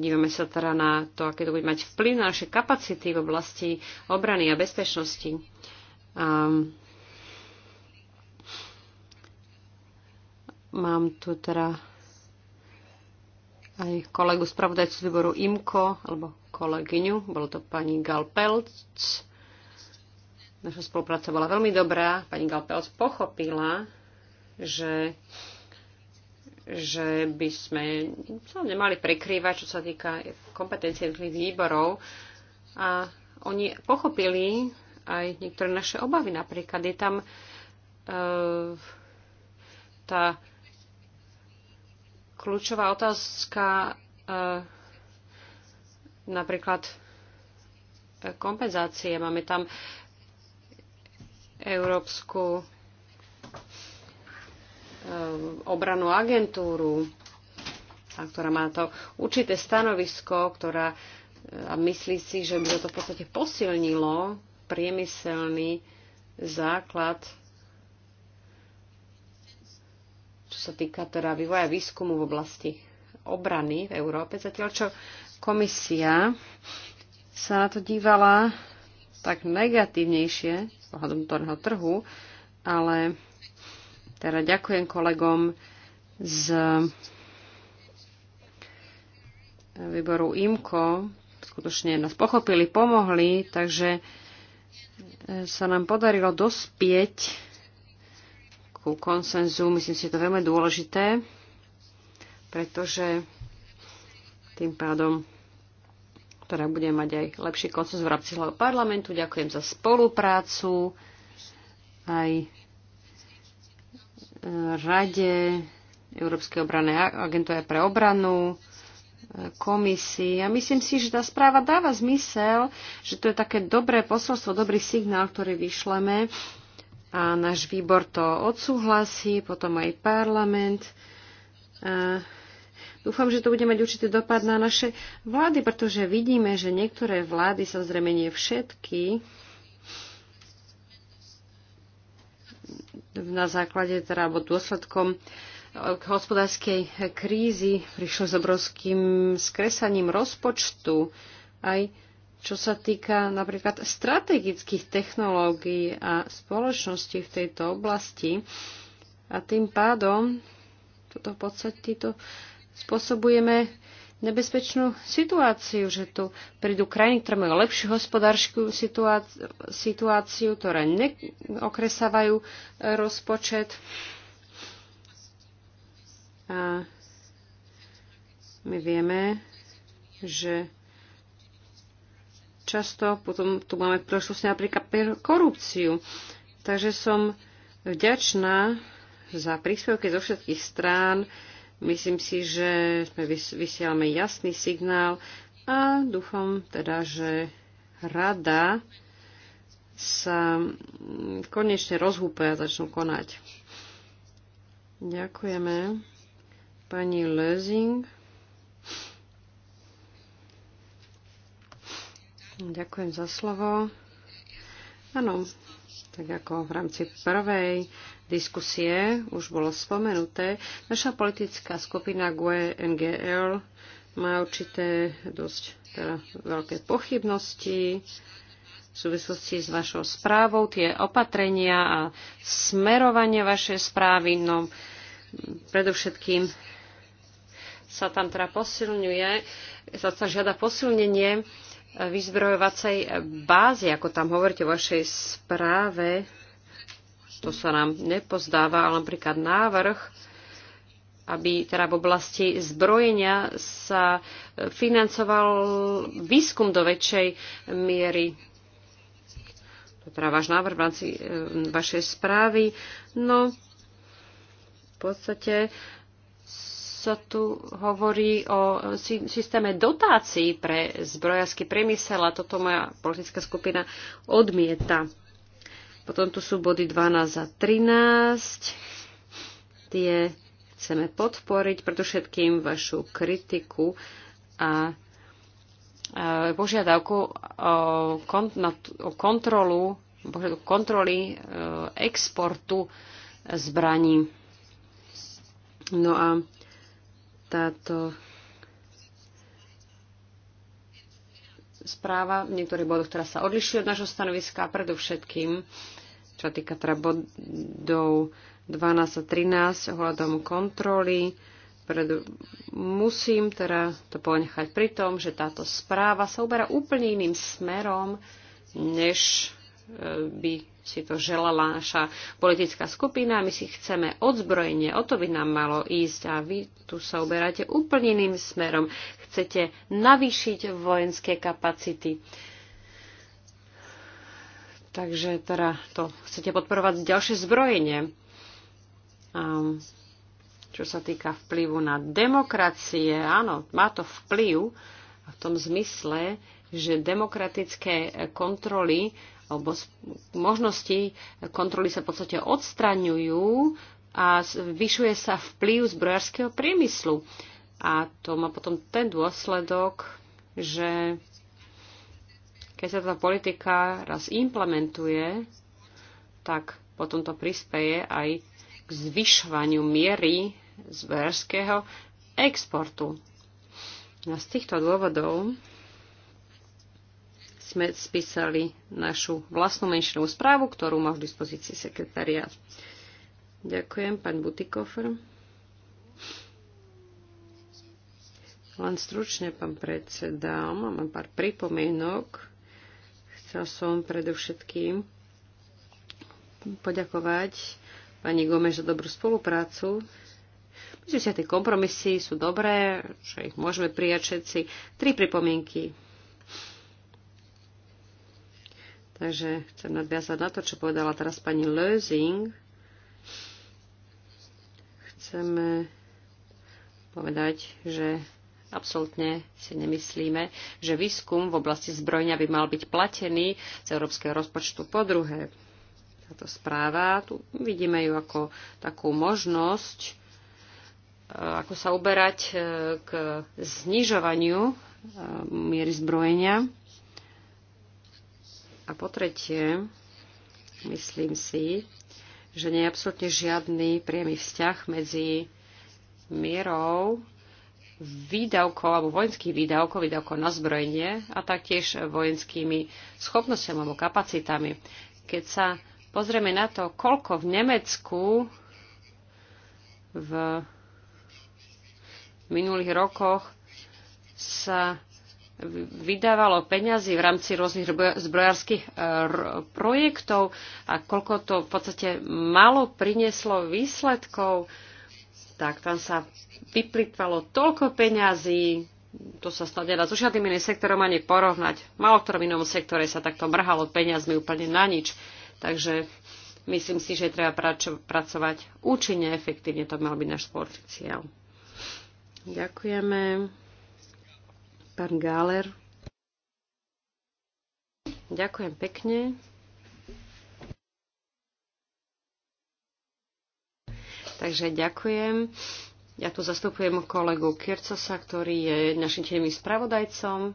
Dívame sa teda na to, aké to bude mať vplyv na naše kapacity v oblasti obrany a bezpečnosti. Um, mám tu teda aj kolegu spravodajcu z výboru IMKO, alebo kolegyňu, bolo to pani Galpelc, Naša spolupráca bola veľmi dobrá. Pani Galpels pochopila, že, že by sme sa nemali prekrývať, čo sa týka kompetencie jednotlivých výborov. A oni pochopili aj niektoré naše obavy. Napríklad je tam uh, tá kľúčová otázka uh, napríklad e, kompenzácie. Máme tam Európsku eh, obranú agentúru, a ktorá má to určité stanovisko, ktorá eh, a myslí si, že by to v podstate posilnilo priemyselný základ, čo sa týka teda vývoja výskumu v oblasti obrany v Európe. Zatiaľ, čo komisia sa na to dívala tak negatívnejšie, toho vnútorného trhu, ale teda ďakujem kolegom z výboru IMKO. Skutočne nás pochopili, pomohli, takže e, sa nám podarilo dospieť ku konsenzu. Myslím si, že to veľmi dôležité, pretože tým pádom ktoré bude mať aj lepší koncus v rámci celého parlamentu. Ďakujem za spoluprácu aj Rade Európskej obrany agentúre pre obranu, komisii. A myslím si, že tá správa dáva zmysel, že to je také dobré posolstvo, dobrý signál, ktorý vyšleme. A náš výbor to odsúhlasí, potom aj parlament. Dúfam, že to bude mať určitý dopad na naše vlády, pretože vidíme, že niektoré vlády, samozrejme nie všetky, na základe teda, alebo dôsledkom k eh, hospodárskej krízy prišlo s obrovským skresaním rozpočtu, aj čo sa týka napríklad strategických technológií a spoločnosti v tejto oblasti. A tým pádom toto v podstate to spôsobujeme nebezpečnú situáciu, že tu prídu krajiny, ktoré majú lepšiu hospodárskú situáciu, situáciu ktoré neokresávajú e, rozpočet. A my vieme, že často potom tu máme príležitosť napríklad korupciu. Takže som vďačná za príspevky zo všetkých strán, Myslím si, že sme vysielame jasný signál a dúfam teda, že rada sa mm, konečne rozhúpe a začnú konať. Ďakujeme. Pani Lezing. Ďakujem za slovo. Áno, tak ako v rámci prvej diskusie už bolo spomenuté, naša politická skupina GUE NGL má určité dosť teda veľké pochybnosti v súvislosti s vašou správou, tie opatrenia a smerovanie vašej správy. No, predovšetkým sa tam teda posilňuje, sa, sa žiada posilnenie vyzbrojovacej bázy, ako tam hovoríte o vašej správe, to sa nám nepozdáva, ale napríklad návrh, aby teda v oblasti zbrojenia sa e, financoval výskum do väčšej miery. To je teda váš návrh v rámci e, vašej správy. No, v podstate sa tu hovorí o systéme dotácií pre zbrojársky priemysel a toto moja politická skupina odmieta. Potom tu sú body 12 a 13. Tie chceme podporiť, preto všetkým vašu kritiku a požiadavku o kontrolu kontroly e, exportu zbraní. No a táto správa v niektorých bodoch, ktorá sa odlišuje od nášho stanoviska, predovšetkým čo týka teda bodov 12 a 13 ohľadom kontroly. Predu, musím teda to ponechať pri tom, že táto správa sa uberá úplne iným smerom, než e, by si to želala naša politická skupina. My si chceme odzbrojenie, o to by nám malo ísť a vy tu sa uberáte úplne iným smerom. Chcete navýšiť vojenské kapacity. Takže teda to chcete podporovať ďalšie zbrojenie. Um, čo sa týka vplyvu na demokracie, áno, má to vplyv v tom zmysle, že demokratické kontroly alebo možnosti kontroly sa v podstate odstraňujú a zvyšuje sa vplyv zbrojárskeho priemyslu. A to má potom ten dôsledok, že keď sa tá politika raz implementuje, tak potom to prispeje aj k zvyšovaniu miery zverského exportu. A z týchto dôvodov sme spísali našu vlastnú menšinovú správu, ktorú má v dispozícii sekretariat. Ďakujem, pán Butikofer. Len stručne, pán predseda, mám pár pripomienok Chcel som predovšetkým poďakovať pani Gomez za dobrú spoluprácu. Myslím si, že tie kompromisy sú dobré, že ich môžeme prijať všetci. Tri pripomienky. Takže chcem nadviazať na to, čo povedala teraz pani Lözing. Chceme povedať, že Absolutne si nemyslíme, že výskum v oblasti zbrojňa by mal byť platený z európskeho rozpočtu. Po druhé, táto správa, tu vidíme ju ako takú možnosť, e, ako sa uberať e, k znižovaniu e, miery zbrojenia. A po tretie, myslím si, že nie je absolútne žiadny priamy vzťah medzi mierou výdavkov alebo vojenských výdavkov, výdavkov na zbrojenie a taktiež vojenskými schopnosťami alebo kapacitami. Keď sa pozrieme na to, koľko v Nemecku v minulých rokoch sa vydávalo peňazí v rámci rôznych zbrojárských e, projektov a koľko to v podstate malo prinieslo výsledkov, tak tam sa vyplýtvalo toľko peňazí, to sa snad nedá teda so žiadnym iným sektorom ani porovnať. Malo ktorom inom sektore sa takto mrhalo peniazmi úplne na nič. Takže myslím si, že treba pracovať účinne, efektívne. To mal byť náš spoločný cieľ. Ďakujeme. Pán Gáler. Ďakujem pekne. Takže ďakujem. Ja tu zastupujem kolegu Kircosa, ktorý je našim tým spravodajcom.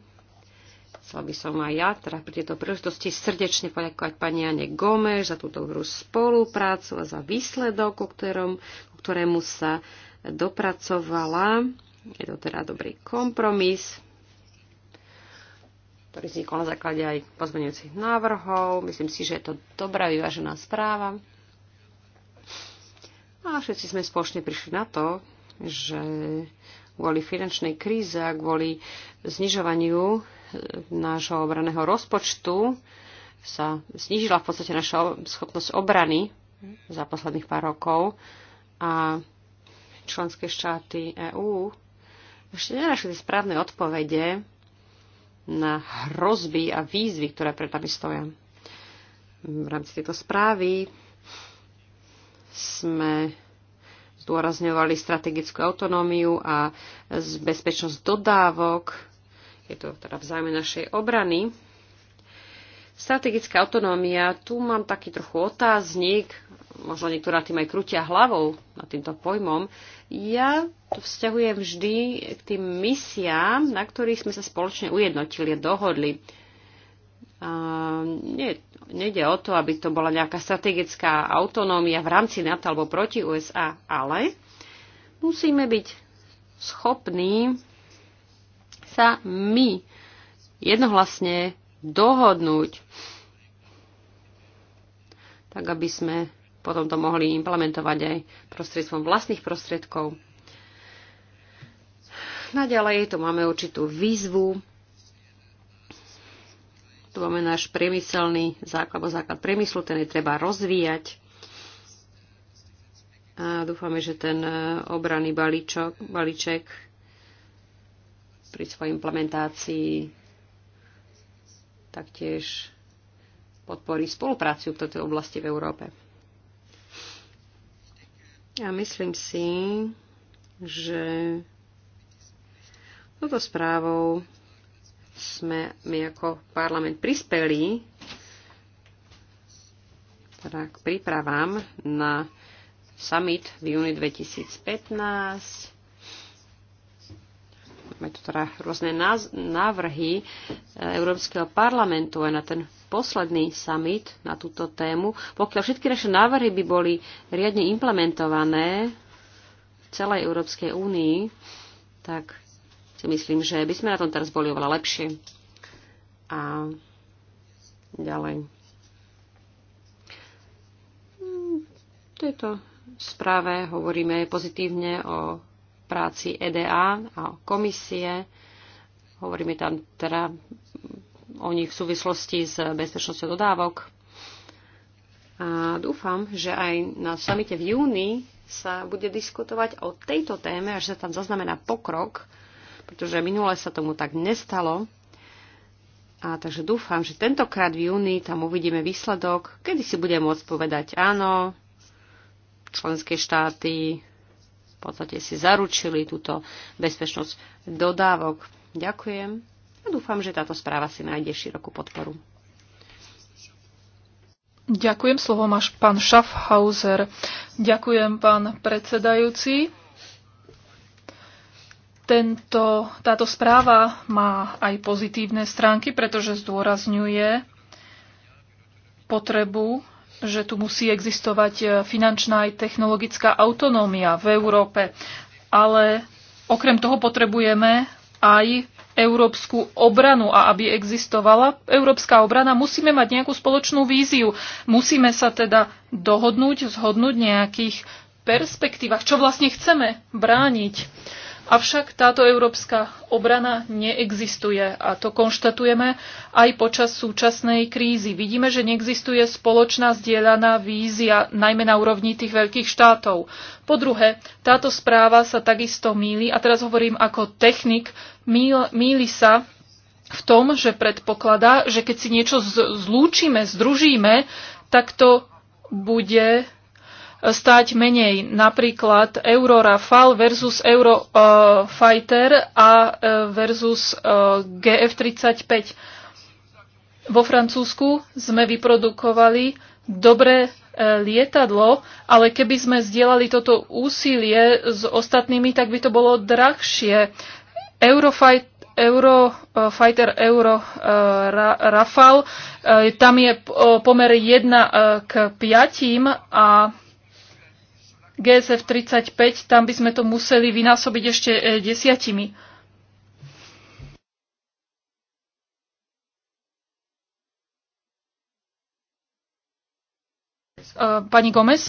Chcela by som aj ja teda pri tejto príležitosti srdečne poďakovať pani Jane Gomeš za túto dobrú spoluprácu a za výsledok, ku, ktorom, ku ktorému sa dopracovala. Je to teda dobrý kompromis, ktorý vznikol na základe aj pozmeňujúcich návrhov. Myslím si, že je to dobrá vyvážená správa. A všetci sme spoločne prišli na to, že kvôli finančnej kríze a kvôli znižovaniu e, nášho obraného rozpočtu sa znížila v podstate naša schopnosť obrany za posledných pár rokov a členské štáty EÚ ešte nenašli správne odpovede na hrozby a výzvy, ktoré pred nami stoja. V rámci tejto správy sme zdôrazňovali strategickú autonómiu a bezpečnosť dodávok. Je to teda v zájme našej obrany. Strategická autonómia, tu mám taký trochu otáznik, možno niektorá tým aj krutia hlavou nad týmto pojmom. Ja to vzťahujem vždy k tým misiám, na ktorých sme sa spoločne ujednotili a dohodli nie, nejde o to, aby to bola nejaká strategická autonómia v rámci NATO alebo proti USA, ale musíme byť schopní sa my jednohlasne dohodnúť, tak aby sme potom to mohli implementovať aj prostredstvom vlastných prostriedkov. Naďalej tu máme určitú výzvu tu máme náš priemyselný základ, alebo základ priemyslu, ten je treba rozvíjať. A dúfame, že ten e, obranný balíčok, balíček pri svojej implementácii taktiež podporí spoluprácu v tejto oblasti v Európe. Ja myslím si, že toto správou sme my ako parlament prispeli teda k prípravám na summit v júni 2015. Máme tu teda rôzne návrhy Európskeho parlamentu aj na ten posledný summit na túto tému. Pokiaľ všetky naše návrhy by boli riadne implementované v celej Európskej únii, tak si myslím, že by sme na tom teraz boli oveľa lepšie. A ďalej. V tejto správe hovoríme pozitívne o práci EDA a o komisie. Hovoríme tam teda o nich v súvislosti s bezpečnosťou dodávok. A dúfam, že aj na samite v júni sa bude diskutovať o tejto téme, až sa tam zaznamená pokrok pretože minule sa tomu tak nestalo. A takže dúfam, že tentokrát v júni tam uvidíme výsledok, kedy si budem môcť povedať áno, členské štáty v podstate si zaručili túto bezpečnosť dodávok. Ďakujem a dúfam, že táto správa si nájde širokú podporu. Ďakujem, slovo máš pán Schaffhauser. Ďakujem, pán predsedajúci. Tento, táto správa má aj pozitívne stránky, pretože zdôrazňuje potrebu, že tu musí existovať e, finančná aj technologická autonómia v Európe. Ale okrem toho potrebujeme aj európsku obranu a aby existovala európska obrana, musíme mať nejakú spoločnú víziu. Musíme sa teda dohodnúť, zhodnúť nejakých perspektívach, čo vlastne chceme brániť. Avšak táto európska obrana neexistuje a to konštatujeme aj počas súčasnej krízy. Vidíme, že neexistuje spoločná zdieľaná vízia, najmä na úrovni tých veľkých štátov. Po druhé, táto správa sa takisto míli, a teraz hovorím ako technik, míl, míli sa v tom, že predpokladá, že keď si niečo zlúčime, združíme, tak to bude stať menej. Napríklad Eurorafal versus Eurofighter e, a e, versus e, GF-35. Vo Francúzsku sme vyprodukovali dobré lietadlo, ale keby sme zdieľali toto úsilie s ostatnými, tak by to bolo drahšie. Eurofight, Eurofighter Euro Rafal. tam je pomer 1 k 5 a GSF 35, tam by sme to museli vynásobiť ešte e, desiatimi. E, pani Gomez?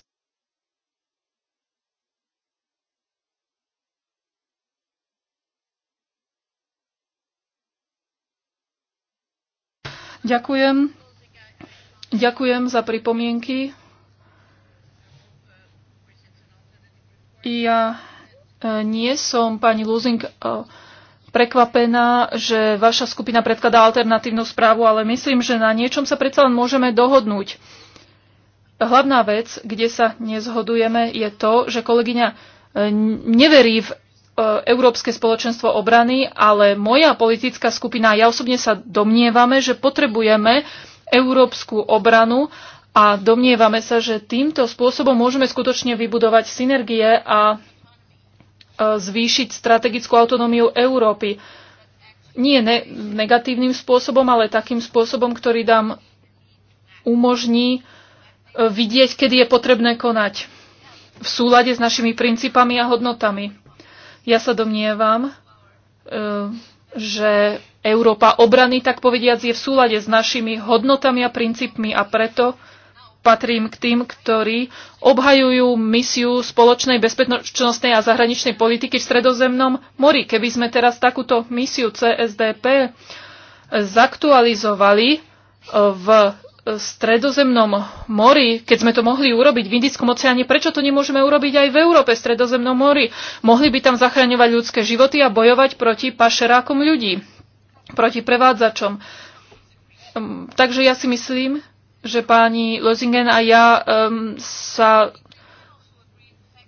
Ďakujem. Ďakujem za pripomienky. Ja e, nie som, pani Luzing, e, prekvapená, že vaša skupina predkladá alternatívnu správu, ale myslím, že na niečom sa predsa len môžeme dohodnúť. Hlavná vec, kde sa nezhodujeme, je to, že kolegyňa e, neverí v Európske spoločenstvo obrany, ale moja politická skupina a ja osobne sa domnievame, že potrebujeme európsku obranu a domnievame sa, že týmto spôsobom môžeme skutočne vybudovať synergie a e, zvýšiť strategickú autonómiu Európy. Nie ne- negatívnym spôsobom, ale takým spôsobom, ktorý nám umožní e, vidieť, kedy je potrebné konať v súlade s našimi princípami a hodnotami. Ja sa domnievam, e, že Európa obrany, tak povediac, je v súlade s našimi hodnotami a princípmi a preto patrím k tým, ktorí obhajujú misiu spoločnej bezpečnostnej a zahraničnej politiky v Stredozemnom mori. Keby sme teraz takúto misiu CSDP zaktualizovali e, v Stredozemnom mori, keď sme to mohli urobiť v Indickom oceáne, prečo to nemôžeme urobiť aj v Európe, v Stredozemnom mori? Mohli by tam zachraňovať ľudské životy a bojovať proti pašerákom ľudí, proti prevádzačom. Ehm, takže ja si myslím, že páni Lozingen a ja um, sa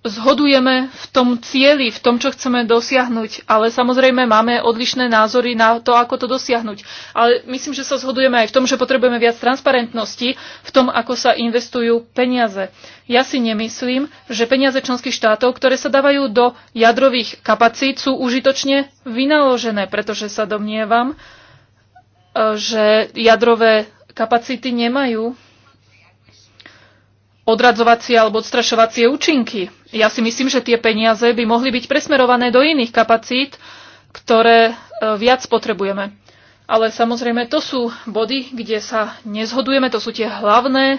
zhodujeme v tom cieli, v tom, čo chceme dosiahnuť, ale samozrejme máme odlišné názory na to, ako to dosiahnuť. Ale myslím, že sa zhodujeme aj v tom, že potrebujeme viac transparentnosti v tom, ako sa investujú peniaze. Ja si nemyslím, že peniaze členských štátov, ktoré sa dávajú do jadrových kapacít, sú užitočne vynaložené, pretože sa domnievam, e, že jadrové kapacity nemajú odradzovacie alebo odstrašovacie účinky. Ja si myslím, že tie peniaze by mohli byť presmerované do iných kapacít, ktoré e, viac potrebujeme. Ale samozrejme, to sú body, kde sa nezhodujeme, to sú tie hlavné e,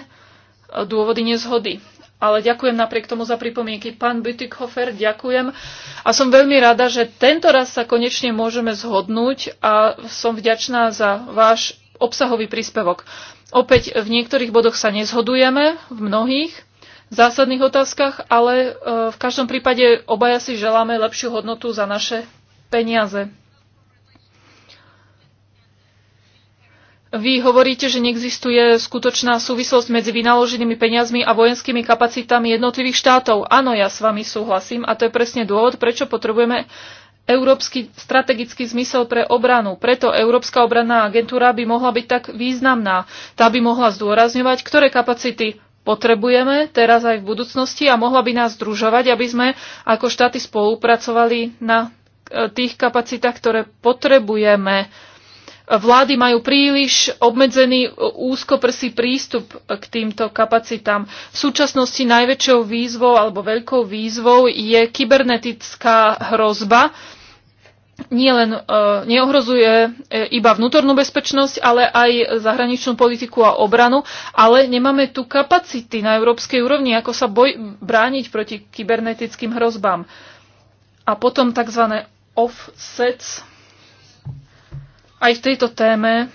dôvody nezhody. Ale ďakujem napriek tomu za pripomienky. Pán Bütikhofer, ďakujem. A som veľmi rada, že tento raz sa konečne môžeme zhodnúť a som vďačná za váš obsahový príspevok. Opäť v niektorých bodoch sa nezhodujeme, v mnohých zásadných otázkach, ale e, v každom prípade obaja si želáme lepšiu hodnotu za naše peniaze. Vy hovoríte, že neexistuje skutočná súvislosť medzi vynaloženými peniazmi a vojenskými kapacitami jednotlivých štátov. Áno, ja s vami súhlasím a to je presne dôvod, prečo potrebujeme európsky strategický zmysel pre obranu. Preto Európska obranná agentúra by mohla byť tak významná. Tá by mohla zdôrazňovať, ktoré kapacity potrebujeme teraz aj v budúcnosti a mohla by nás združovať, aby sme ako štáty spolupracovali na e, tých kapacitách, ktoré potrebujeme. Vlády majú príliš obmedzený e, úzkoprsý prístup k týmto kapacitám. V súčasnosti najväčšou výzvou alebo veľkou výzvou je kybernetická hrozba, nielen e, neohrozuje e, iba vnútornú bezpečnosť, ale aj zahraničnú politiku a obranu, ale nemáme tu kapacity na európskej úrovni, ako sa boj, brániť proti kybernetickým hrozbám. A potom tzv. offsets. Aj v tejto téme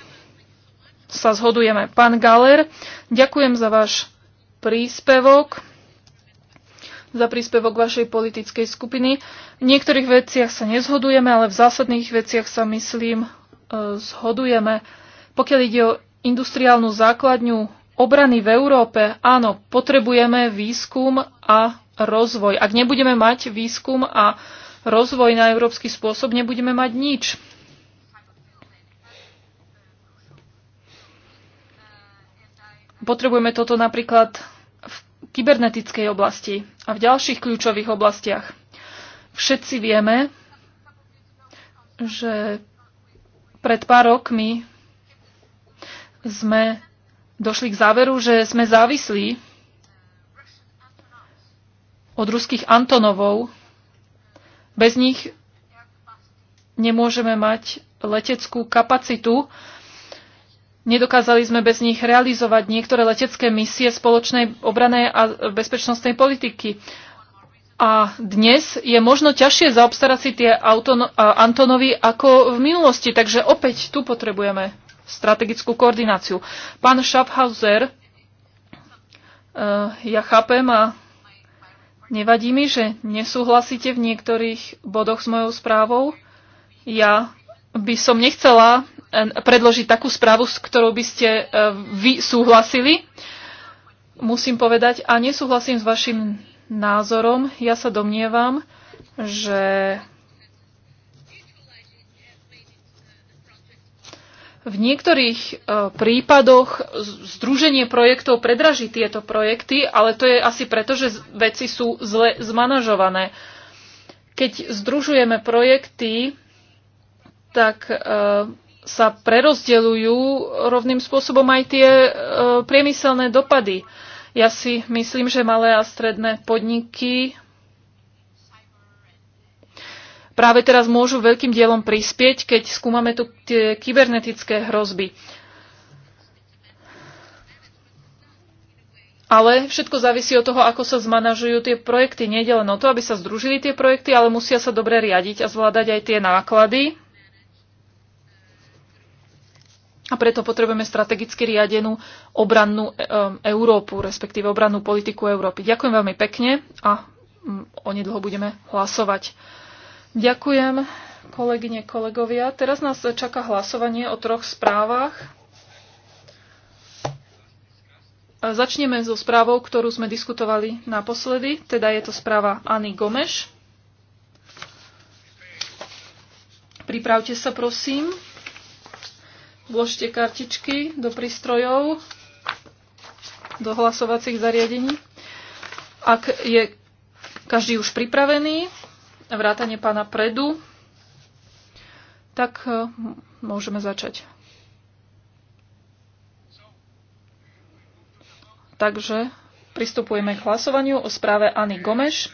sa zhodujeme. Pán Galer, ďakujem za váš príspevok, za príspevok vašej politickej skupiny. V niektorých veciach sa nezhodujeme, ale v zásadných veciach sa, myslím, e, zhodujeme. Pokiaľ ide o industriálnu základňu obrany v Európe, áno, potrebujeme výskum a rozvoj. Ak nebudeme mať výskum a rozvoj na európsky spôsob, nebudeme mať nič. Potrebujeme toto napríklad v kybernetickej oblasti a v ďalších kľúčových oblastiach. Všetci vieme, že pred pár rokmi sme došli k záveru, že sme závislí od ruských Antonovov. Bez nich nemôžeme mať leteckú kapacitu. Nedokázali sme bez nich realizovať niektoré letecké misie spoločnej obranej a bezpečnostnej politiky. A dnes je možno ťažšie zaobstarať si tie Antonovy ako v minulosti, takže opäť tu potrebujeme strategickú koordináciu. Pán Schaffhauser, eh, ja chápem a nevadí mi, že nesúhlasíte v niektorých bodoch s mojou správou. Ja by som nechcela eh, predložiť takú správu, s ktorou by ste eh, vy súhlasili, musím povedať, a nesúhlasím s vašim názorom. Ja sa domnievam, že V niektorých e, prípadoch združenie projektov predraží tieto projekty, ale to je asi preto, že veci sú zle zmanažované. Keď združujeme projekty, tak e, sa prerozdeľujú rovným spôsobom aj tie e, priemyselné dopady. Ja si myslím, že malé a stredné podniky práve teraz môžu veľkým dielom prispieť, keď skúmame tu tie kybernetické hrozby. Ale všetko závisí od toho, ako sa zmanažujú tie projekty. Nie len o to, aby sa združili tie projekty, ale musia sa dobre riadiť a zvládať aj tie náklady. A preto potrebujeme strategicky riadenú obrannú e, um, Európu, respektíve obrannú politiku Európy. Ďakujem veľmi pekne a mm, onedlho budeme hlasovať. Ďakujem, kolegyne, kolegovia. Teraz nás čaká hlasovanie o troch správach. Začneme so správou, ktorú sme diskutovali naposledy, teda je to správa Anny Gomeš. Pripravte sa, prosím vložte kartičky do prístrojov, do hlasovacích zariadení. Ak je každý už pripravený, vrátane pána Predu, tak eh, môžeme začať. Takže pristupujeme k hlasovaniu o správe Anny Gomeš.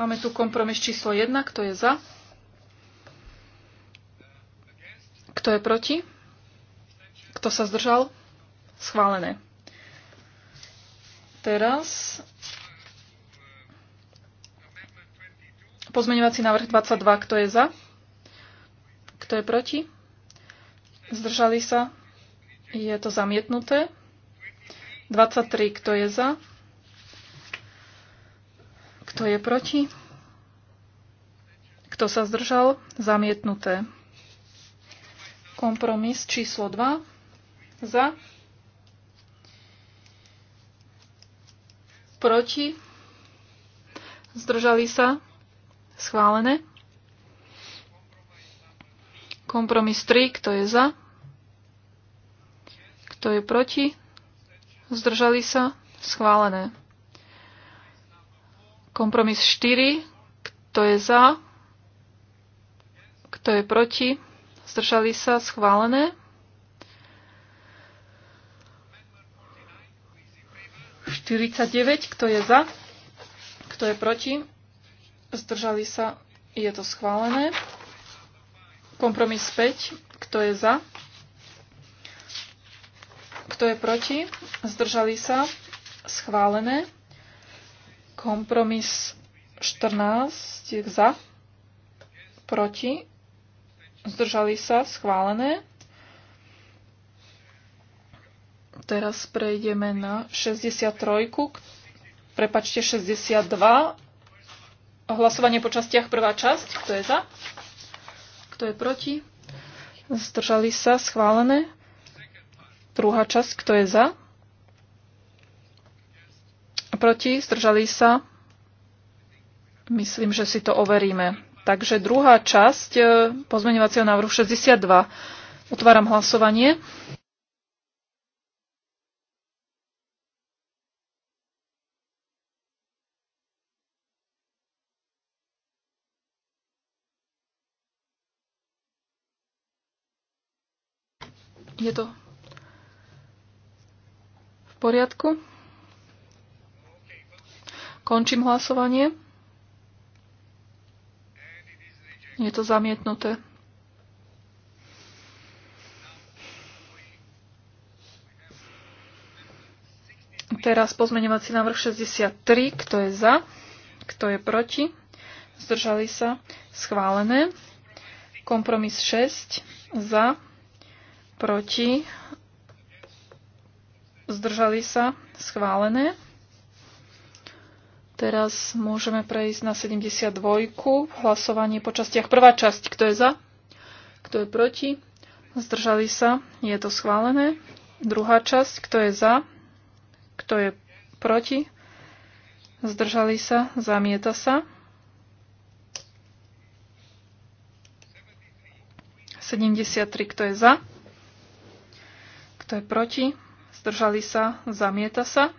Máme tu kompromis číslo 1, kto je za? Kto je proti? Kto sa zdržal? Schválené. Teraz pozmeňovací návrh 22. Kto je za? Kto je proti? Zdržali sa? Je to zamietnuté. 23. Kto je za? Kto je proti? Kto sa zdržal? Zamietnuté. Kompromis číslo 2 za, proti, zdržali sa, schválené. Kompromis 3, kto je za, kto je proti, zdržali sa, schválené. Kompromis 4, kto je za, kto je proti, Zdržali sa? Schválené. 49. Kto je za? Kto je proti? Zdržali sa? Je to schválené. Kompromis 5. Kto je za? Kto je proti? Zdržali sa? Schválené. Kompromis 14. Za? Proti? zdržali sa, schválené. Teraz prejdeme na 63, prepačte 62, hlasovanie po častiach, prvá časť, kto je za, kto je proti, zdržali sa, schválené. Druhá časť, kto je za, proti, zdržali sa, Myslím, že si to overíme. Takže druhá časť e, pozmeňovacieho návrhu 62. Otváram hlasovanie. Je to v poriadku? Končím hlasovanie. Je to zamietnuté. Teraz pozmeňovací návrh 63. Kto je za? Kto je proti? Zdržali sa? Schválené. Kompromis 6. Za? Proti? Zdržali sa? Schválené. Teraz môžeme prejsť na 72. Hlasovanie po častiach. Prvá časť. Kto je za? Kto je proti? Zdržali sa? Je to schválené. Druhá časť. Kto je za? Kto je proti? Zdržali sa? Zamieta sa? 73. Kto je za? Kto je proti? Zdržali sa? Zamieta sa?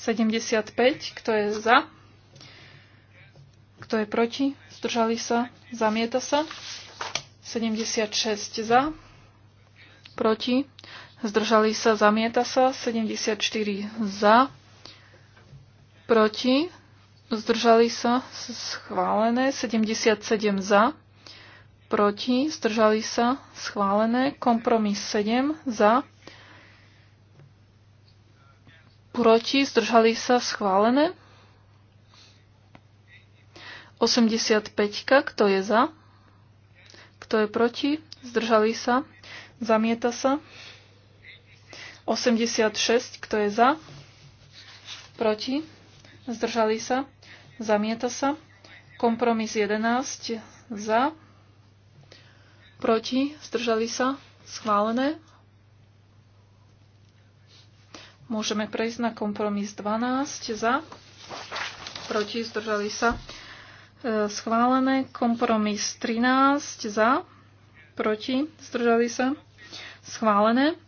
75, kto je za, kto je proti, zdržali sa, zamieta sa. 76 za, proti, zdržali sa, zamieta sa. 74 za, proti, zdržali sa, schválené. 77 za, proti, zdržali sa, schválené. Kompromis 7 za, proti proti, zdržali sa, schválené. 85, kto je za, kto je proti, zdržali sa, zamieta sa. 86, kto je za, proti, zdržali sa, zamieta sa. Kompromis 11, za, proti, zdržali sa, schválené. Môžeme prejsť na kompromis 12 e, za, proti, zdržali sa. Schválené. Kompromis 13 za, proti, zdržali sa. Schválené.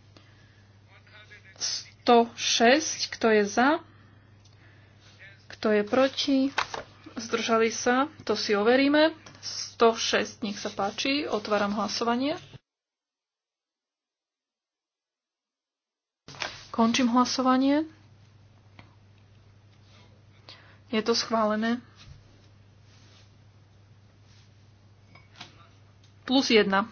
106, kto je za, kto je proti, zdržali sa, to si overíme. 106, nech sa páči, otváram hlasovanie. Končím hlasovanie. Je to schválené. Plus jedna.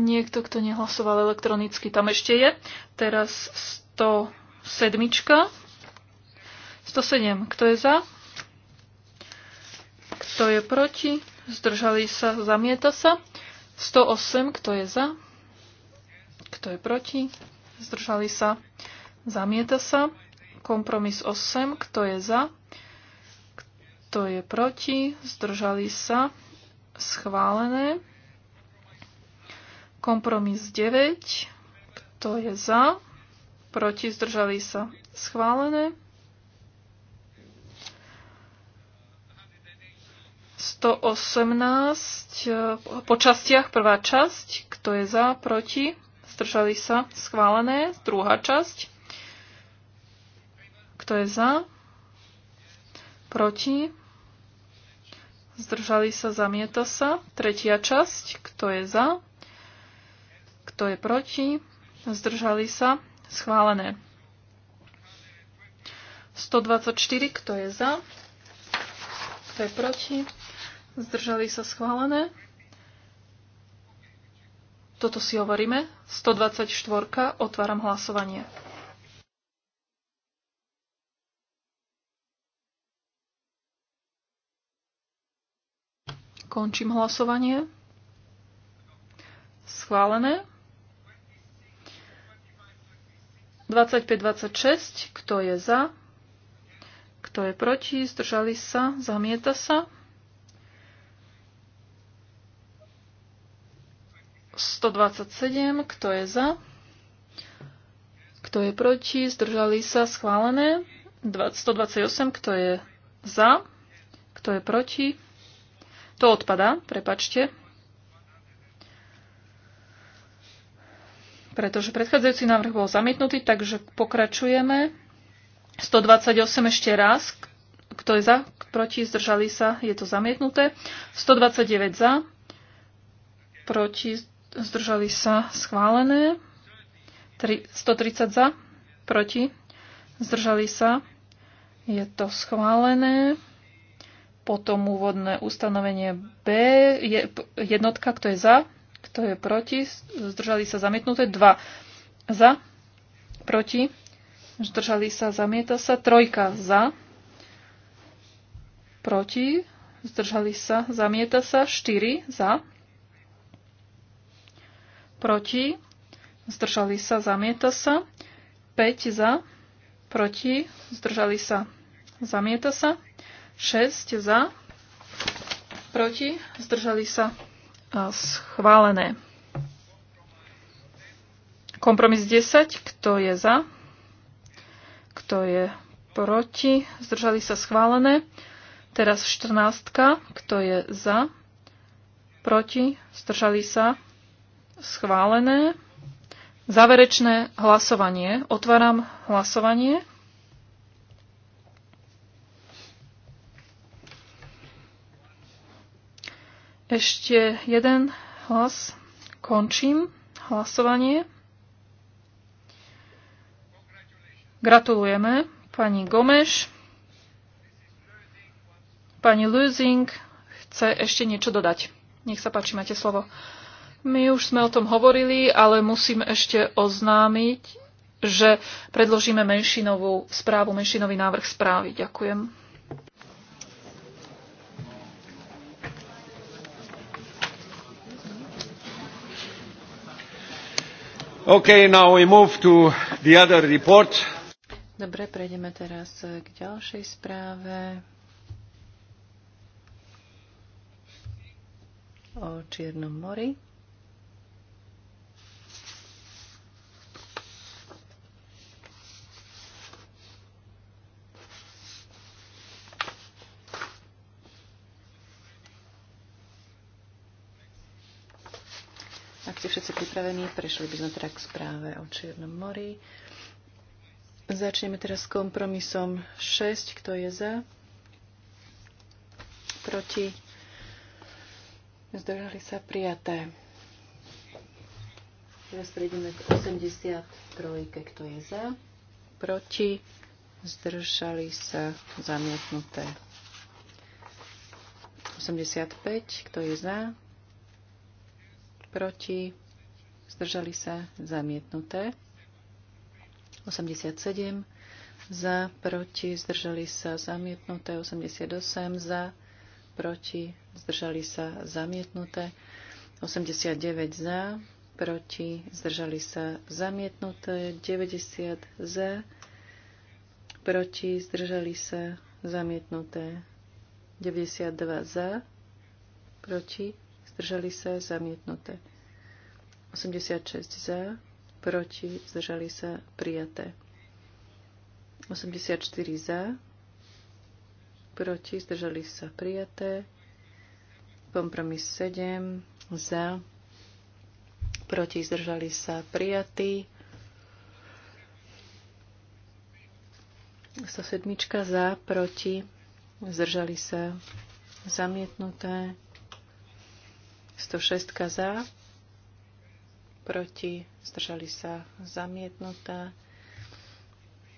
Niekto, kto nehlasoval elektronicky, tam ešte je. Teraz 107. 107. Kto je za? Kto je proti? Zdržali sa, zamieta sa. 108. Kto je za? Kto je proti? Zdržali sa. Zamieta sa. Kompromis 8. Kto je za? Kto je proti? Zdržali sa. Schválené. Kompromis 9. Kto je za? Proti? Zdržali sa. Schválené. 118 eh, po častiach, prvá časť, kto je za, proti, zdržali sa, schválené. Druhá časť. Kto je za? Proti? Zdržali sa, zamieta sa. Tretia časť. Kto je za? Kto je proti? Zdržali sa, schválené. 124. Kto je za? Kto je proti? Zdržali sa, schválené. Toto si hovoríme. 124. Otváram hlasovanie. Končím hlasovanie. Schválené. 25-26. Kto je za? Kto je proti? Zdržali sa? Zamieta sa? 127, kto je za? Kto je proti? Zdržali sa? Schválené. 128, kto je za? Kto je proti? To odpada, prepačte. Pretože predchádzajúci návrh bol zamietnutý, takže pokračujeme. 128 ešte raz. Kto je za? Proti? Zdržali sa? Je to zamietnuté. 129 za. Proti? zdržali sa schválené. 130 za, proti, zdržali sa, je to schválené. Potom úvodné ustanovenie B, je jednotka, kto je za, kto je proti, zdržali sa zamietnuté, 2 za, proti, zdržali sa, zamieta sa, trojka za, proti, zdržali sa, zamieta sa, 4 za, proti, zdržali sa, zamieta sa. 5 za, proti, zdržali sa, zamieta sa. 6 za, proti, zdržali sa, schválené. Kompromis 10, kto je za, kto je proti, zdržali sa, schválené. Teraz 14, kto je za, proti, zdržali sa, schválené. Záverečné hlasovanie. Otváram hlasovanie. Ešte jeden hlas. Končím hlasovanie. Gratulujeme pani Gomeš. Pani Lusing chce ešte niečo dodať. Nech sa páči, máte slovo. My už sme o tom hovorili, ale musím ešte oznámiť, že predložíme menšinovú správu, menšinový návrh správy. Ďakujem. Okay, now we move to the other report. Dobre, prejdeme teraz k ďalšej správe. o Čiernom mori. ste všetci pripravení, prešli by sme teda k správe o Čiernom mori. Začneme teraz kompromisom 6. Kto je za? Proti? Zdržali sa prijaté. Teraz prejdeme k 83. Kto je za? Proti? Zdržali sa zamietnuté. 85. Kto je za? proti, zdržali sa zamietnuté. 87 za, proti, zdržali sa zamietnuté. 88 za, proti, zdržali sa zamietnuté. 89 za, proti, zdržali sa zamietnuté. 90 za, proti, zdržali sa zamietnuté. 92 za, proti, zdržali sa, zamietnuté. 86 za, proti, zdržali sa, prijaté. 84 za, proti, zdržali sa, prijaté. Kompromis 7 za, proti, zdržali sa, prijatí. 107 za, proti, zdržali sa, zamietnuté. 106 za, proti, zdržali sa zamietnutá.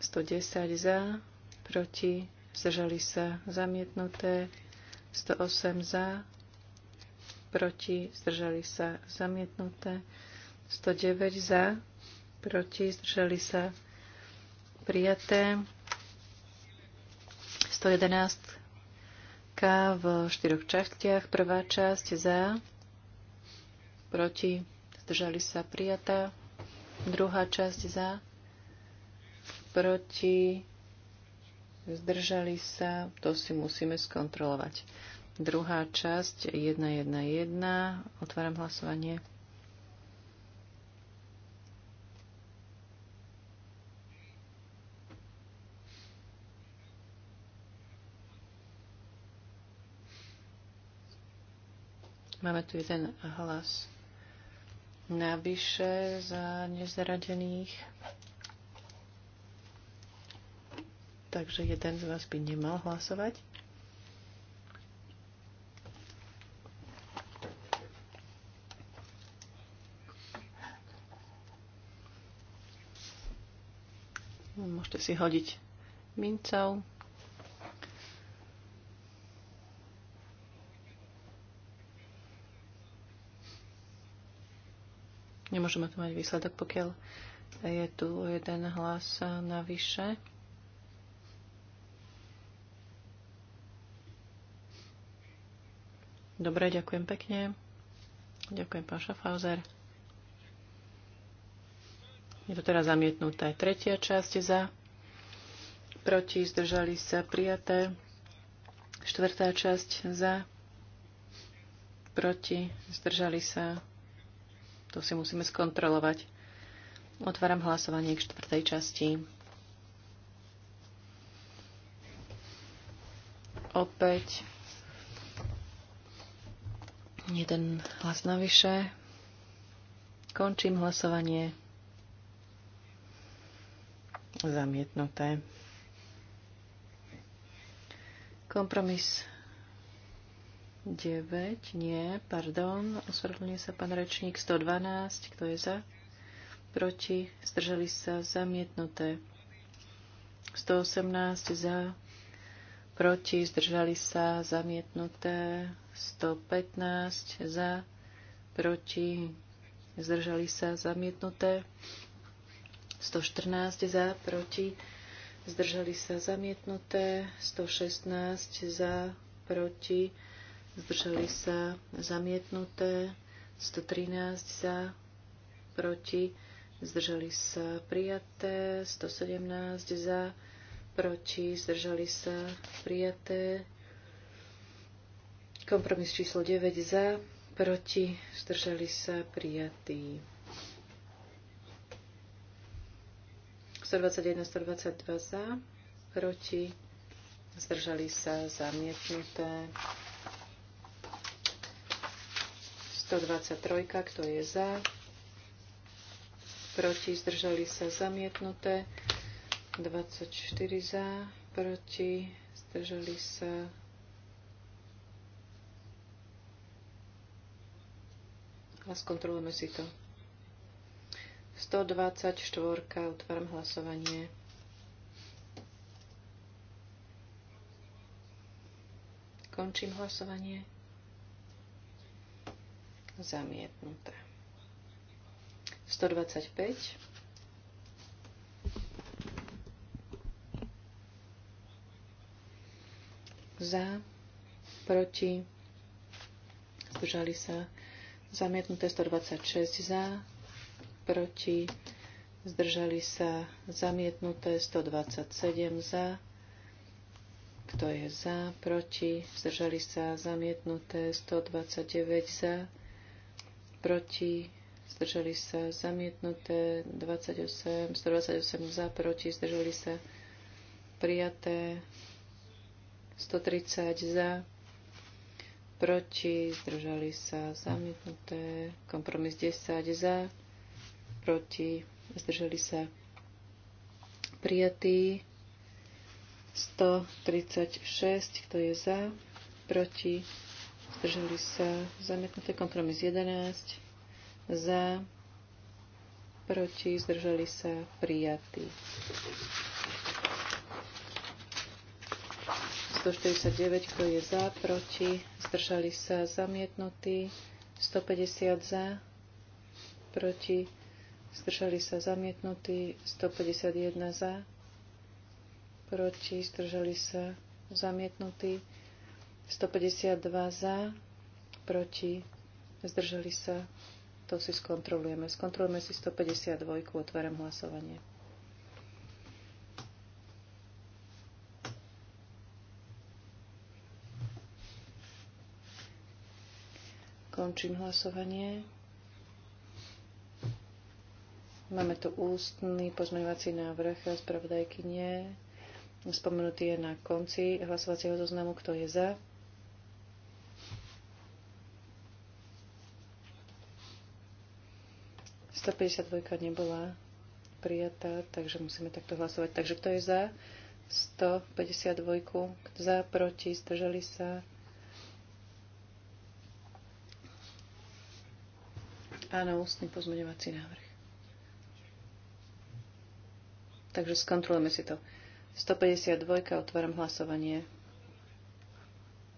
110 za, proti, zdržali sa zamietnuté. 108 za, proti, zdržali sa zamietnuté. 109 za, proti, zdržali sa prijaté. 111 v štyroch častiach. Prvá časť za, proti, zdržali sa prijatá. Druhá časť za, proti, zdržali sa, to si musíme skontrolovať. Druhá časť 1.1.1, otváram hlasovanie. Máme tu jeden hlas navyše za nezradených. Takže jeden z vás by nemal hlasovať. Môžete si hodiť mincov. Nemôžeme tu mať výsledok, pokiaľ je tu jeden hlas navyše. Dobre, ďakujem pekne. Ďakujem, pán Schaffhauser. Je to teraz zamietnutá Tretia časť za. Proti zdržali sa prijaté. Štvrtá časť za. Proti zdržali sa to si musíme skontrolovať. Otváram hlasovanie k štvrtej časti. Opäť jeden hlas navyše. Končím hlasovanie. Zamietnuté. Kompromis 9, nie, pardon, ospravedlňuje sa pán rečník, 112, kto je za? Proti, zdržali sa, zamietnuté. 118 za, proti, zdržali sa, zamietnuté. 115 za, proti, zdržali sa, zamietnuté. 114 za, proti, zdržali sa, zamietnuté. 116 za, proti, zdržali sa zamietnuté, 113 za, proti, zdržali sa prijaté, 117 za, proti, zdržali sa prijaté, kompromis číslo 9 za, proti, zdržali sa prijatí. 121, 122 za, proti, zdržali sa zamietnuté. 123, kto je za, proti, zdržali sa zamietnuté, 24 za, proti, zdržali sa a skontrolujeme si to. 124, otváram hlasovanie. Končím hlasovanie zamietnuté. 125. Za, proti, zdržali sa, zamietnuté 126 za, proti, zdržali sa, zamietnuté 127 za, kto je za, proti, zdržali sa, zamietnuté 129 za, proti, zdržali sa zamietnuté, 28, 128 za, proti, zdržali sa prijaté, 130 za, proti, zdržali sa zamietnuté, kompromis 10 za, proti, zdržali sa prijatý, 136, kto je za, proti, zdržali sa, Zamietnutý kompromis 11, za, proti, zdržali sa, prijatý. 149, kto je za, proti, zdržali sa, zamietnutý. 150 za, proti, zdržali sa, zamietnutý. 151 za, proti, zdržali sa, zamietnutý. 152 za, proti, zdržali sa. To si skontrolujeme. Skontrolujeme si 152, otváram hlasovanie. Končím hlasovanie. Máme tu ústny pozmeňovací návrh a spravodajky nie. Spomenutý je na konci hlasovacieho zoznamu, kto je za. 152 nebola prijatá, takže musíme takto hlasovať. Takže kto je za 152? Kto za, proti, zdržali sa? Áno, ústny pozmeňovací návrh. Takže skontrolujeme si to. 152, otváram hlasovanie.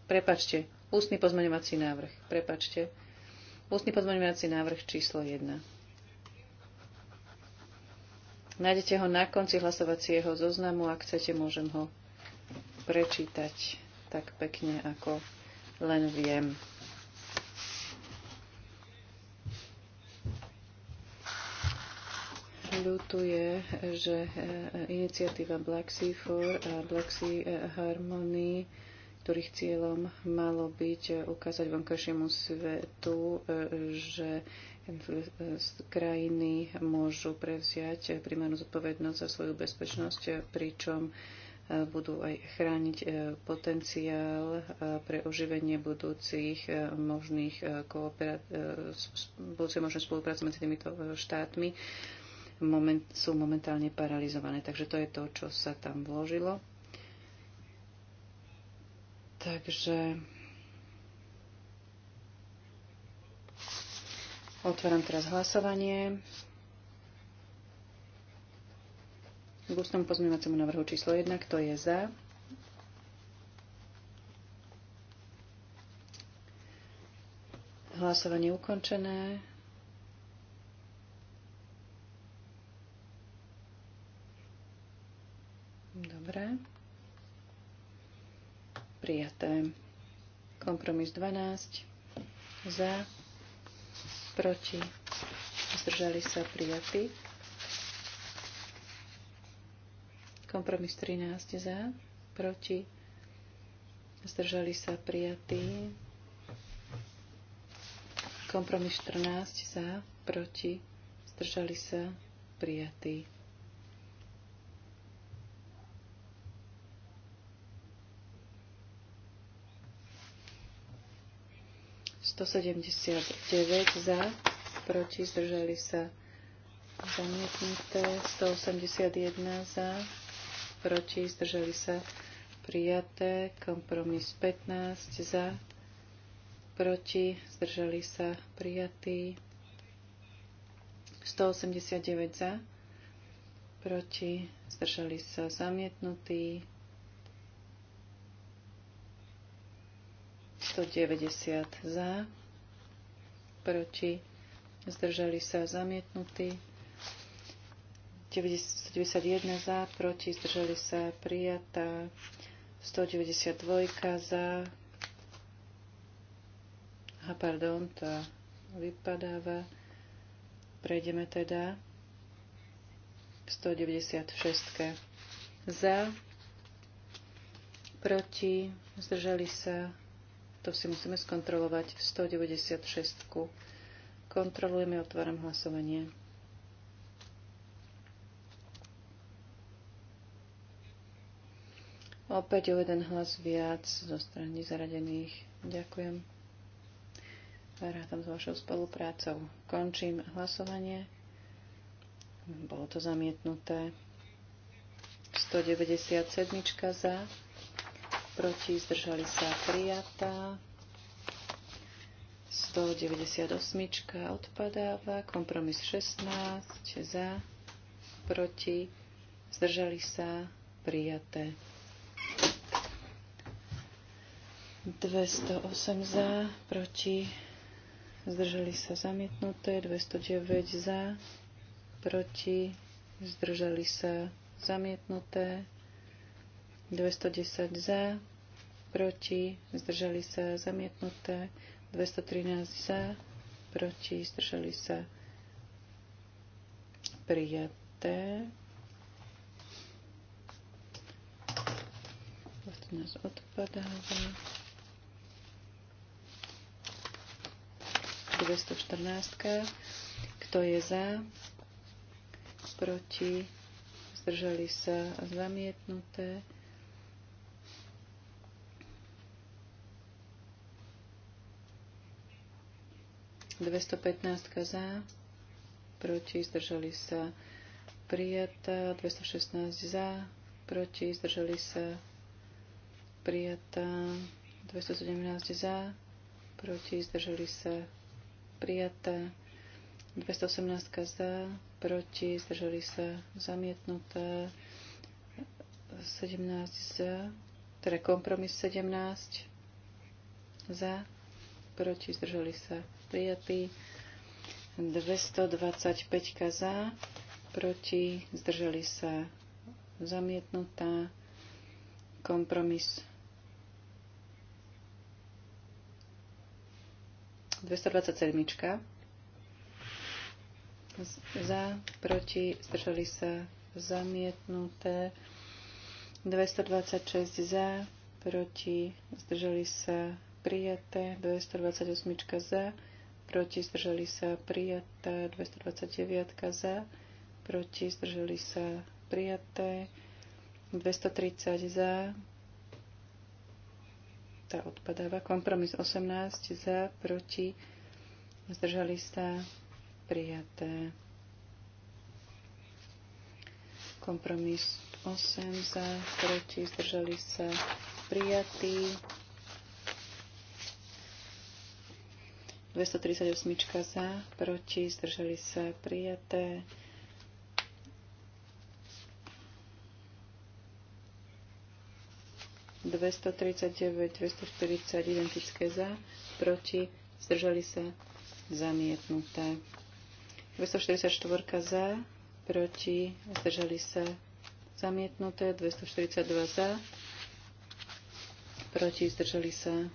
Prepačte, ústny pozmeňovací návrh. Prepačte. Ústny pozmeňovací návrh číslo 1. Nájdete ho na konci hlasovacieho zoznamu. Ak chcete, môžem ho prečítať tak pekne, ako len viem. ľutuje, že e, iniciatíva Black Sea for a Black Sea e, Harmony, ktorých cieľom malo byť e, ukázať vonkajšiemu svetu, že Eh, krajiny môžu prevziať primárnu zodpovednosť za svoju bezpečnosť, pričom eh, budú aj chrániť eh, potenciál pre oživenie budúcich možných budúcej možnej spolupráce medzi týmito štátmi moment, sú momentálne paralizované. Takže to je to, čo sa tam vložilo. Takže Otváram teraz hlasovanie. K ústnom pozmývacemu návrhu číslo 1. Kto je za? Hlasovanie ukončené. Dobre. Prijaté. Kompromis 12. Za proti, zdržali sa prijatí. Kompromis 13 za, proti, zdržali sa prijatí. Kompromis 14 za, proti, zdržali sa prijatí. 179 za, proti, zdržali sa zamietnuté, 181 za, proti, zdržali sa prijaté, kompromis 15 za, proti, zdržali sa prijatí, 189 za, proti, zdržali sa zamietnutí, 190 za, proti, zdržali sa zamietnutí, 191 za, proti, zdržali sa prijatá, 192 za, a pardon, to vypadáva, prejdeme teda 196 za, proti, zdržali sa to si musíme skontrolovať. 196. -ku. Kontrolujeme, otváram hlasovanie. Opäť o jeden hlas viac zo strany zaradených. Ďakujem. Rátam s vašou spoluprácou. Končím hlasovanie. Bolo to zamietnuté. 197 za proti, zdržali sa prijatá. 198 odpadáva, kompromis 16 za, proti, zdržali sa, prijaté. 208 za, proti, zdržali sa zamietnuté, 209 za, proti, zdržali sa zamietnuté, 210 za, proti, zdržali sa zamietnuté, 213 za, proti, zdržali sa prijaté. 213 odpadáva. 214. Kto je za? Proti? Zdržali sa zamietnuté. 215 za, proti, zdržali sa prijatá, 216 za, proti, zdržali sa prijatá, 217 za, proti, zdržali sa prijatá, 218 za, proti, zdržali sa zamietnutá, 17 za, teda kompromis 17 za, proti, zdržali sa prijatý. 225 za, proti, zdržali sa zamietnutá, kompromis 227 za, proti, zdržali sa zamietnuté, 226 za, proti, zdržali sa prijaté, 228 za, proti zdrželi sa prijaté, 229 za, proti zdrželi sa prijaté, 230 za, tá odpadáva, kompromis 18 za, proti zdržali sa prijaté. Kompromis 8 za, proti zdržali sa prijatý. 238 za, proti, zdržali sa prijaté. ...239, 240 identické za, proti, zdržali sa, zamietnuté. 244 za, proti, zdržali sa, zamietnuté. 242 za, proti, zdržali sa,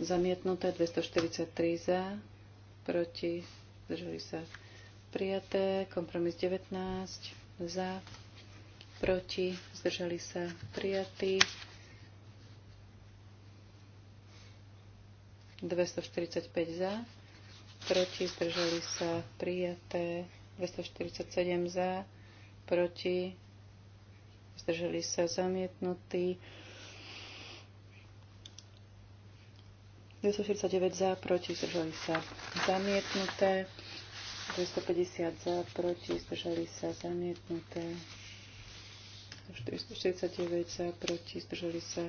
Zamietnuté 243 za, proti, zdržali sa prijaté, kompromis 19 za, proti, zdržali sa prijatí. 245 za, proti, zdržali sa prijaté, 247 za, proti, zdržali sa zamietnutí. 249 za, proti, zdržali sa zamietnuté. 250 za, proti, zdržali sa zamietnuté. 449 za, proti, zdržali sa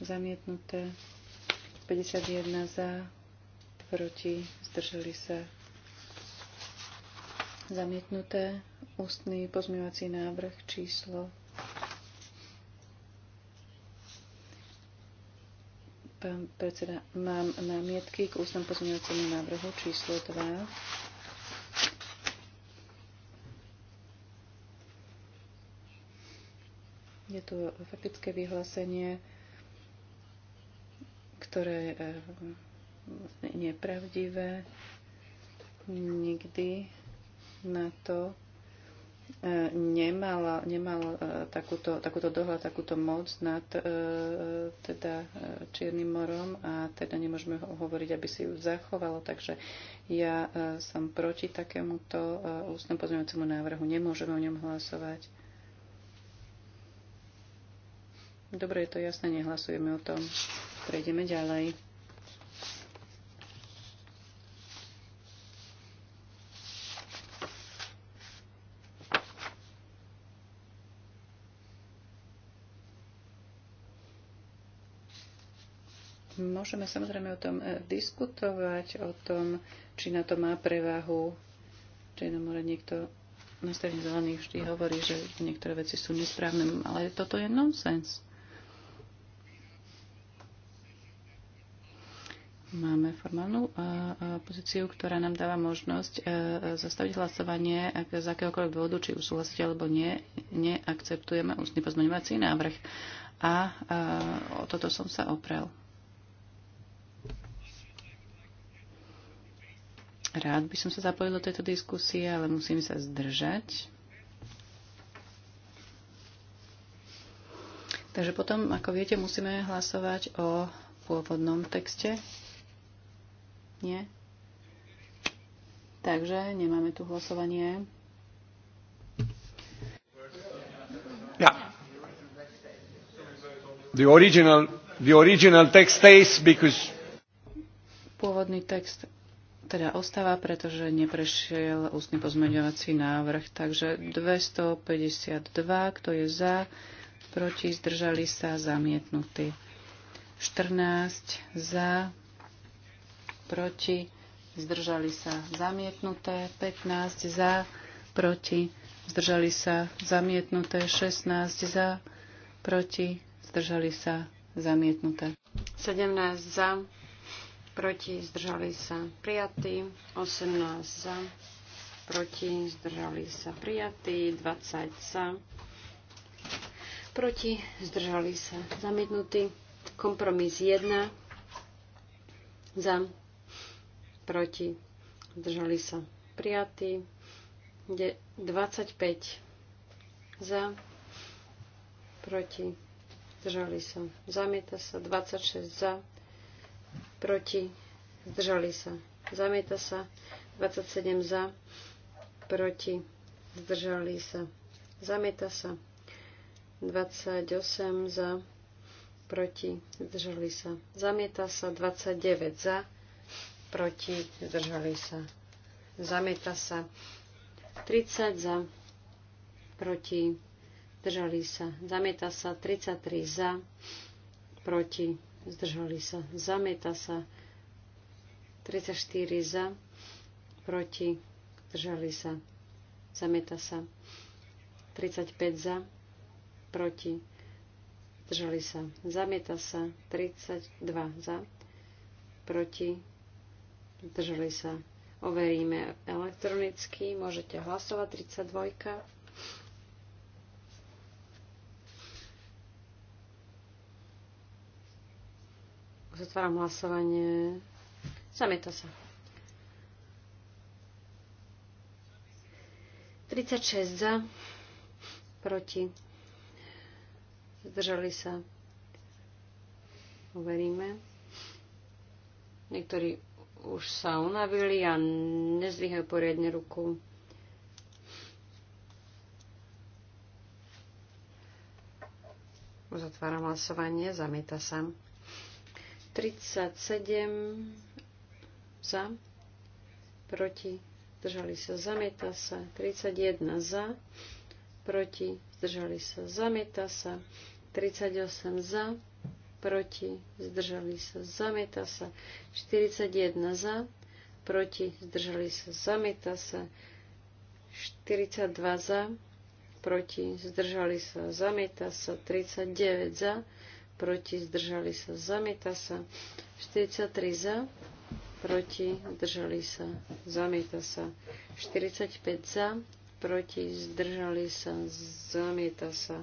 zamietnuté. 51 za, proti, zdržali sa zamietnuté. Ústny pozmývací návrh číslo Pán predseda, mám námietky k ústnom pozmeňovacímu návrhu číslo 2. Je tu faktické vyhlásenie, ktoré eh, je nepravdivé. Nikdy na to Nemal nemal e, takúto, takúto dohľad, takúto moc nad e, teda e, Čiernym morom a teda nemôžeme hovoriť, aby si ju zachovalo. Takže ja som proti takémuto ústnom pozmeňujúcemu návrhu. Nemôžeme o ňom hlasovať. Dobre, je to jasné, nehlasujeme o tom. Prejdeme ďalej. Môžeme samozrejme o tom e, diskutovať, o tom, či na to má prevahu. more niekto na strane zelených vždy hovorí, že niektoré veci sú nesprávne, ale toto je nonsens. Máme formálnu e, e, pozíciu, ktorá nám dáva možnosť zastaviť hlasovanie ak z akéhokoľvek dôvodu, či usúhlasíte alebo nie, neakceptujeme ústny pozmeňovací návrh. A, a o toto som sa oprel. Rád by som sa zapojil do tejto diskusie, ale musím sa zdržať. Takže potom, ako viete, musíme hlasovať o pôvodnom texte. Nie? Takže nemáme tu hlasovanie. Yeah. The original, the original text stays because... Pôvodný text teda ostáva, pretože neprešiel ústny pozmeňovací návrh. Takže 252, kto je za, proti, zdržali sa, zamietnutí. 14 za, proti, zdržali sa, zamietnuté. 15 za, proti, zdržali sa, zamietnuté. 16 za, proti, zdržali sa, zamietnuté. 17 za, proti, zdržali sa prijatí, 18 za, proti, zdržali sa prijatí, 20 za, proti, zdržali sa zamietnutí, kompromis 1 za, proti, zdržali sa prijatí, 25 za, proti, zdržali sa, zamieta sa, 26 za, proti, zdržali sa, zamieta sa, 27 za, proti, zdržali sa, zamieta sa, 28 za, proti, zdržali sa, zamieta sa, 29 za, proti, zdržali sa, zamieta sa, 30 za, proti, zdržali sa, zamieta sa, 33 za, proti, zdržali sa, zamieta sa, 34 za, proti, zdržali sa, zamieta sa, 35 za, proti, zdržali sa, zamieta sa, 32 za, proti, zdržali sa. Overíme elektronicky, môžete hlasovať, 32. Zatváram hlasovanie. Zamieta sa. 36 za, proti, zdržali sa, uveríme. Niektorí už sa unavili a nezvíhajú poriadne ruku. Uzatváram hlasovanie, zamieta sa. 37 za, proti, zdržali sa, zamieta sa. 31 za, proti, zdržali sa, zamieta sa. 38 za, proti, zdržali sa, zamieta sa. 41 za, proti, zdržali sa, zamieta sa. 42 za, proti, zdržali sa, zamieta sa. 39 za, proti, zdržali sa, zamieta sa. 43 za, proti, zdržali sa, zamieta sa. 45 za, proti, zdržali sa, zamieta sa.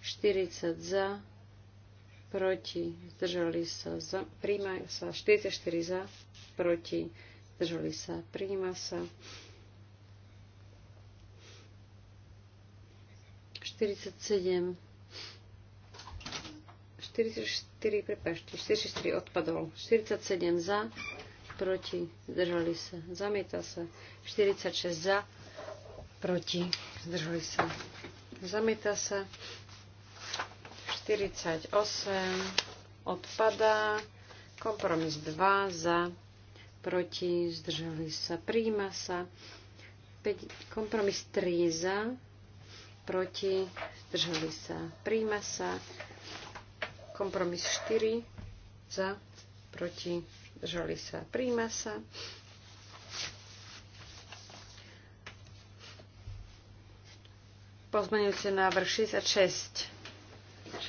40 za, proti, zdržali sa, za, príjma sa. 44 za, proti, zdržali sa, príjma sa. 47 44, prepáčte, 44 odpadol. 47 za, proti, zdržali sa, zamieta sa. 46 za, proti, zdržali sa, zamieta sa. 48 odpadá. Kompromis 2 za, proti, zdržali sa, príjma sa. 5, kompromis 3 za, proti, zdržali sa, príjma sa. Kompromis 4 za, proti, držali sa, príjma sa. Pozmenujúce návrh 66.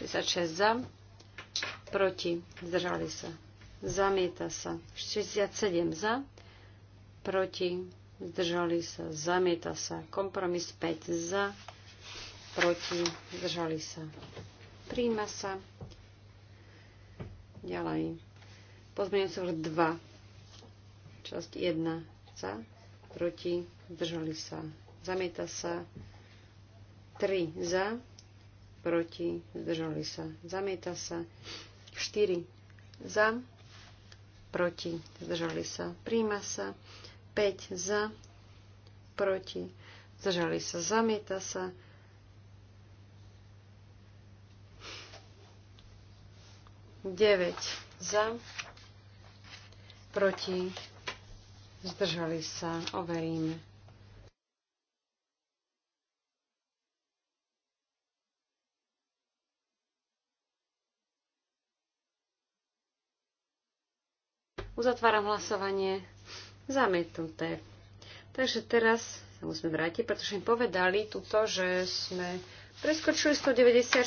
66 za, proti, zdržali sa, zamieta sa. 67 za, proti, zdržali sa, zamieta sa. Kompromis 5 za, proti, zdržali sa. Príjma sa. Ďalej. Pozmeňujúci vrch 2. Časť 1. Za. Proti. Zdržali sa. Zamieta sa. 3. Za. Proti. Zdržali sa. Zamieta sa. 4. Za. Proti. Zdržali sa. Príjma sa. 5. Za. Proti. Zdržali sa. Zamieta sa. 9 za, proti, zdržali sa, overíme. Uzatváram hlasovanie zamietnuté. Takže teraz sa musíme vrátiť, pretože mi povedali tuto, že sme preskočili 194.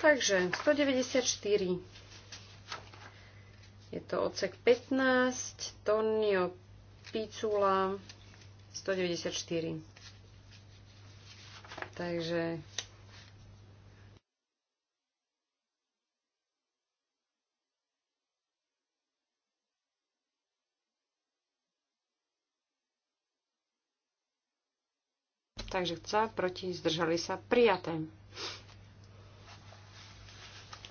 Takže 194. Je to odsek 15, Tonio Picula 194. Takže Takže za, proti, zdržali sa, prijaté.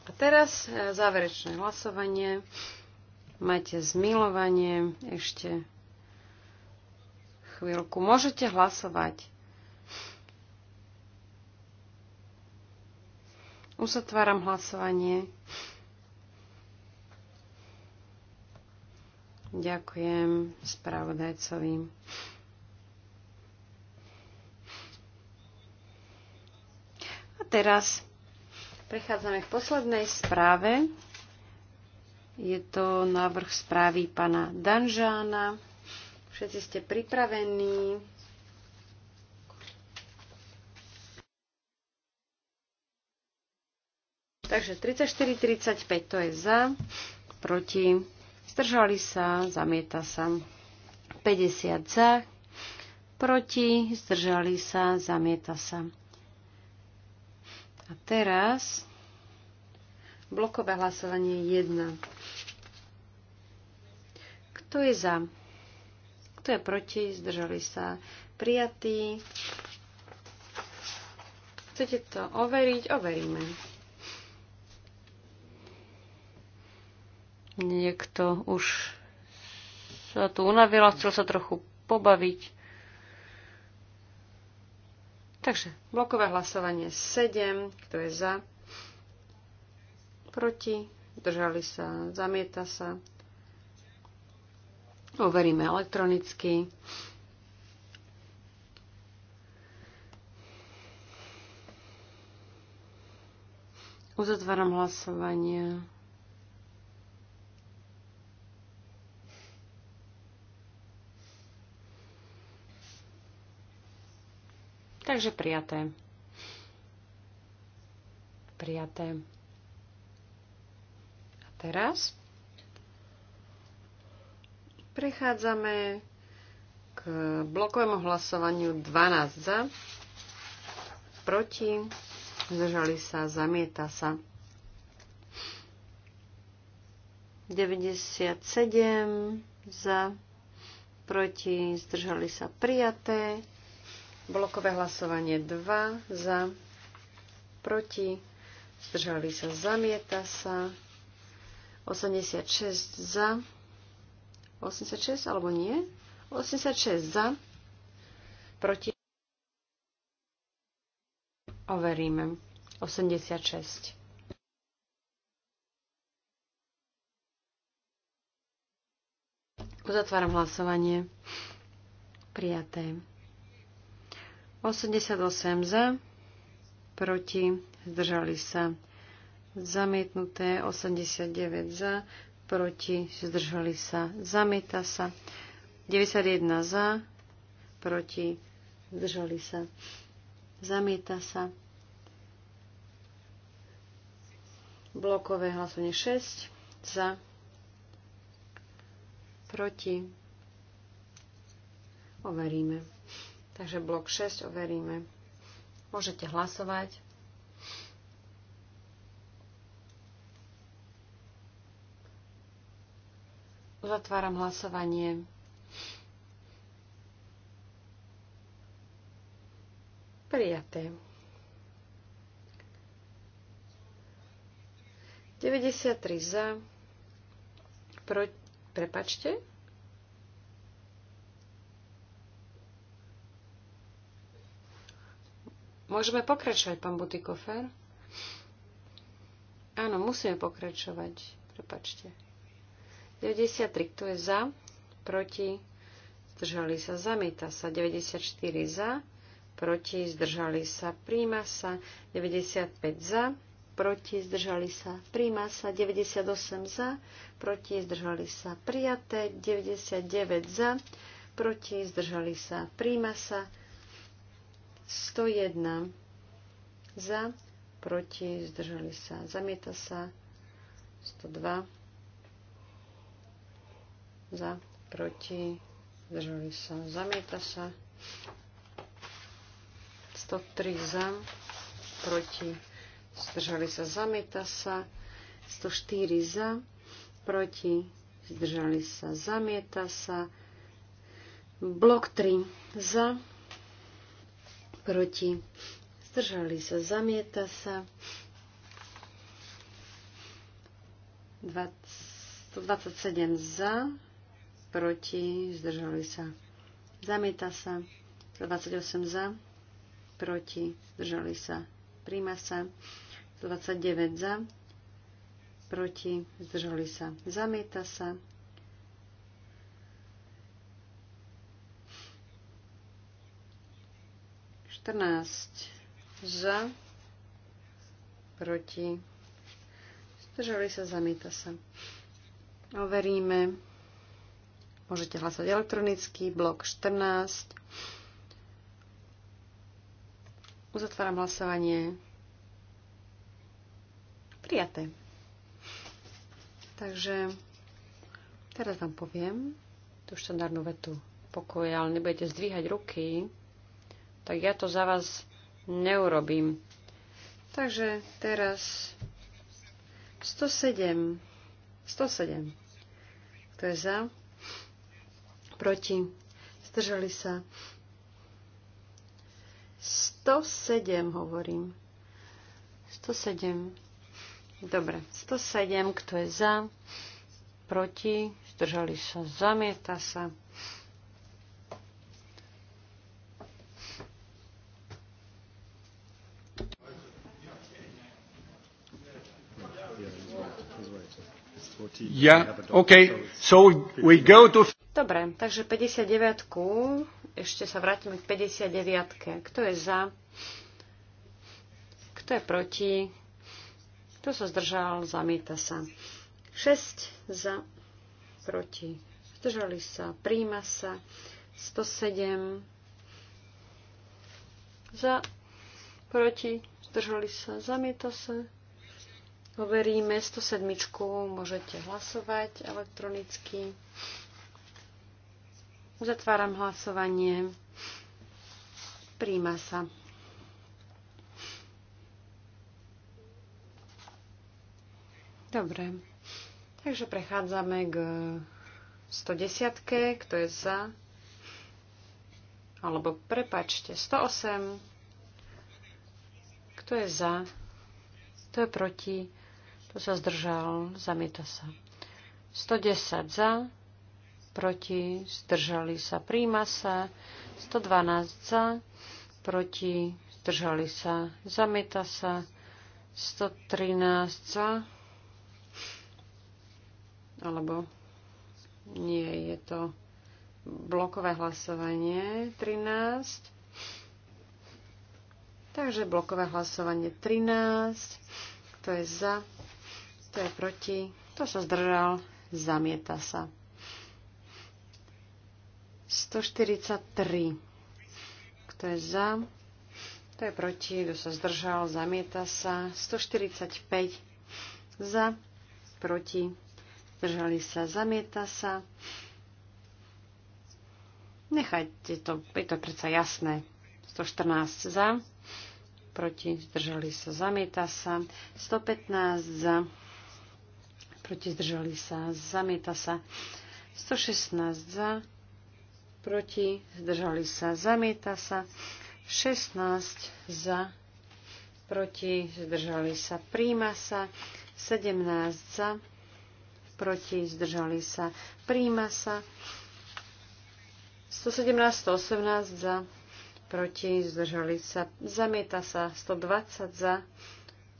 A teraz e, záverečné hlasovanie. Majte zmilovanie ešte chvíľku. Môžete hlasovať. Uzatváram hlasovanie. Ďakujem spravodajcovi. A teraz Prechádzame k poslednej správe. Je to návrh správy pana Danžána. Všetci ste pripravení. Takže 34-35 to je za, proti, zdržali sa, zamieta sa. 50 za, proti, zdržali sa, zamieta sa. A teraz blokové hlasovanie 1. Kto je za? Kto je proti? Zdržali sa prijatí. Chcete to overiť? Overíme. Niekto už sa tu unavila, chcel sa trochu pobaviť. Takže blokové hlasovanie 7, kto je za, proti, držali sa, zamieta sa. Overíme elektronicky. Uzatváram hlasovanie. Takže prijaté. Prijaté. A teraz prechádzame k blokovému hlasovaniu 12 za, proti, zdržali sa, zamieta sa. 97 za, proti, zdržali sa prijaté, Blokové hlasovanie 2 za, proti, zdržali sa, zamieta sa. 86 za, 86 alebo nie? 86 za, proti. Overíme. 86. Uzatváram hlasovanie. Prijaté. 88 za, proti, zdržali sa. Zamietnuté 89 za, proti, zdržali sa. Zamieta sa. 91 za, proti, zdržali sa. Zamieta sa. Blokové hlasovanie 6 za, proti. Overíme. Takže blok 6 overíme. Môžete hlasovať. Uzatváram hlasovanie. Prijaté. 93 za. Pro, prepačte. Môžeme pokračovať, pán Butikofer? Áno, musíme pokračovať. Prepačte. 93, kto je za? Proti? Zdržali sa, zamieta sa. 94 za, proti, zdržali sa, príjma sa. 95 za, proti, zdržali sa, príjma sa, 98 za, proti, zdržali sa, prijaté, 99 za, proti, zdržali sa, príjma sa, 101 za, proti, zdržali sa, zamieta sa, 102 za, proti, zdržali sa, zamieta sa, 103 za, proti, zdržali sa, zamieta sa, 104 za, proti, zdržali sa, zamieta sa, blok 3 za, proti, zdržali sa, zamieta sa. 127 za, proti, zdržali sa, zamieta sa. 128 za, proti, zdržali sa, príjma sa. 129 za, proti, zdržali sa, zamieta sa. 14 za, proti, zdržali sa, zamieta sa. Overíme. Môžete hlasovať elektronicky, blok 14. Uzatváram hlasovanie. Prijaté. Takže teraz vám poviem tú štandardnú vetu pokoja, ale nebudete zdvíhať ruky, tak ja to za vás neurobím. Takže teraz 107. 107. Kto je za? Proti? Zdržali sa? 107 hovorím. 107. Dobre, 107, kto je za, proti, zdržali sa, zamieta sa. Ja, OK, So we go to... Dobre, takže 59. -ku. Ešte sa vrátime k 59. -ke. Kto je za? Kto je proti? Kto sa zdržal? Zamieta sa. 6 za, proti. Zdržali sa. Príjma sa. 107 za, proti. Zdržali sa. Zamieta sa. Overíme 107. Môžete hlasovať elektronicky. Zatváram hlasovanie. Príjma sa. Dobre. Takže prechádzame k 110. Kto je za? Alebo prepačte, 108. Kto je za? Kto je proti? Kto sa zdržal? Zamieta sa. 110 za, proti, zdržali sa, príjma sa. 112 za, proti, zdržali sa, zamieta sa. 113 za, alebo nie, je to blokové hlasovanie 13. Takže blokové hlasovanie 13. Kto je za? Kto je proti? Kto sa zdržal? Zamieta sa. 143. Kto je za? Kto je proti? Kto sa zdržal? Zamieta sa. 145. Za? Proti? Zdržali sa? Zamieta sa. Nechajte to, je to predsa jasné. 114 za, proti, zdržali sa, zamieta sa. 115 za, proti zdržali sa, zamieta sa. 116 za, proti zdržali sa, zamieta sa. 16 za, proti zdržali sa, príjma sa. 17 za, proti zdržali sa, príjma sa. 117, 118 za, proti zdržali sa, zamieta sa. 120 za,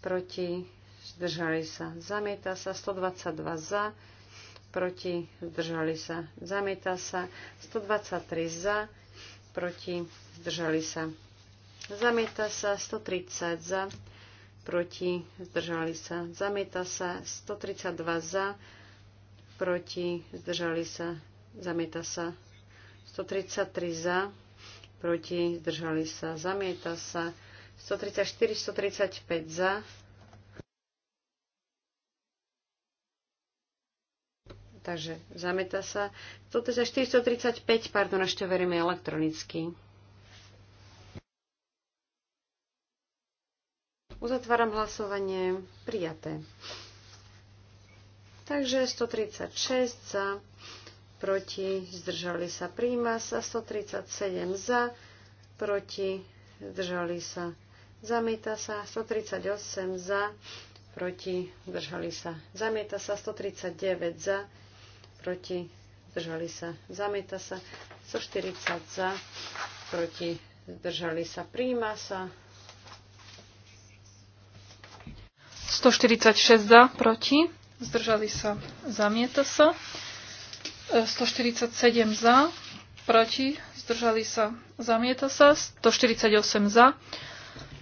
proti zdržali sa, zamieta sa, 122 za, proti, zdržali sa, zamieta sa, 123 za, proti, zdržali sa, zamieta sa, 130 za, proti, zdržali sa, zamieta sa, 132 za, proti, zdržali sa, zamieta sa, 133 za, proti, zdržali sa, zamieta sa, 134, 135 za, Takže zameta sa. Toto je 435, pardon, ešte veríme elektronicky. Uzatváram hlasovanie. Prijaté. Takže 136 za, proti, zdržali sa, príjma sa, 137 za, proti, zdržali sa, zamieta sa, 138 za, proti, zdržali sa, zamieta sa, 139 za, proti, zdržali sa, zamieta sa, 140 za, proti, zdržali sa, príjma sa. 146 za, proti, zdržali sa, zamieta sa. 147 za, proti, zdržali sa, zamieta sa. 148 za,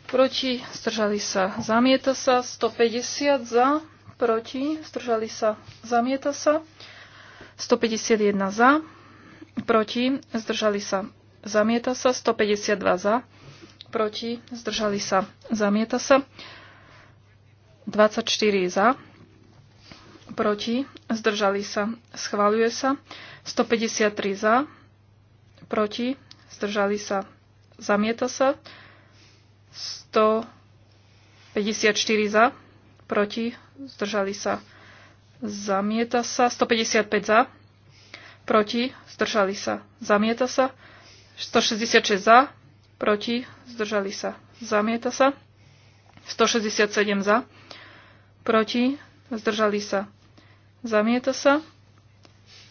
proti, zdržali sa, zamieta sa. 150 za, proti, zdržali sa, zamieta sa. 151 za, proti, zdržali sa, zamieta sa, 152 za, proti, zdržali sa, zamieta sa, 24 za, proti, zdržali sa, schváľuje sa, 153 za, proti, zdržali sa, zamieta sa, 154 za, proti, zdržali sa, Zamieta sa. 155 za. Proti. Zdržali sa. Zamieta sa. 166 za. Proti. Zdržali sa. Zamieta sa. 167 za. Proti. Zdržali sa. Zamieta sa.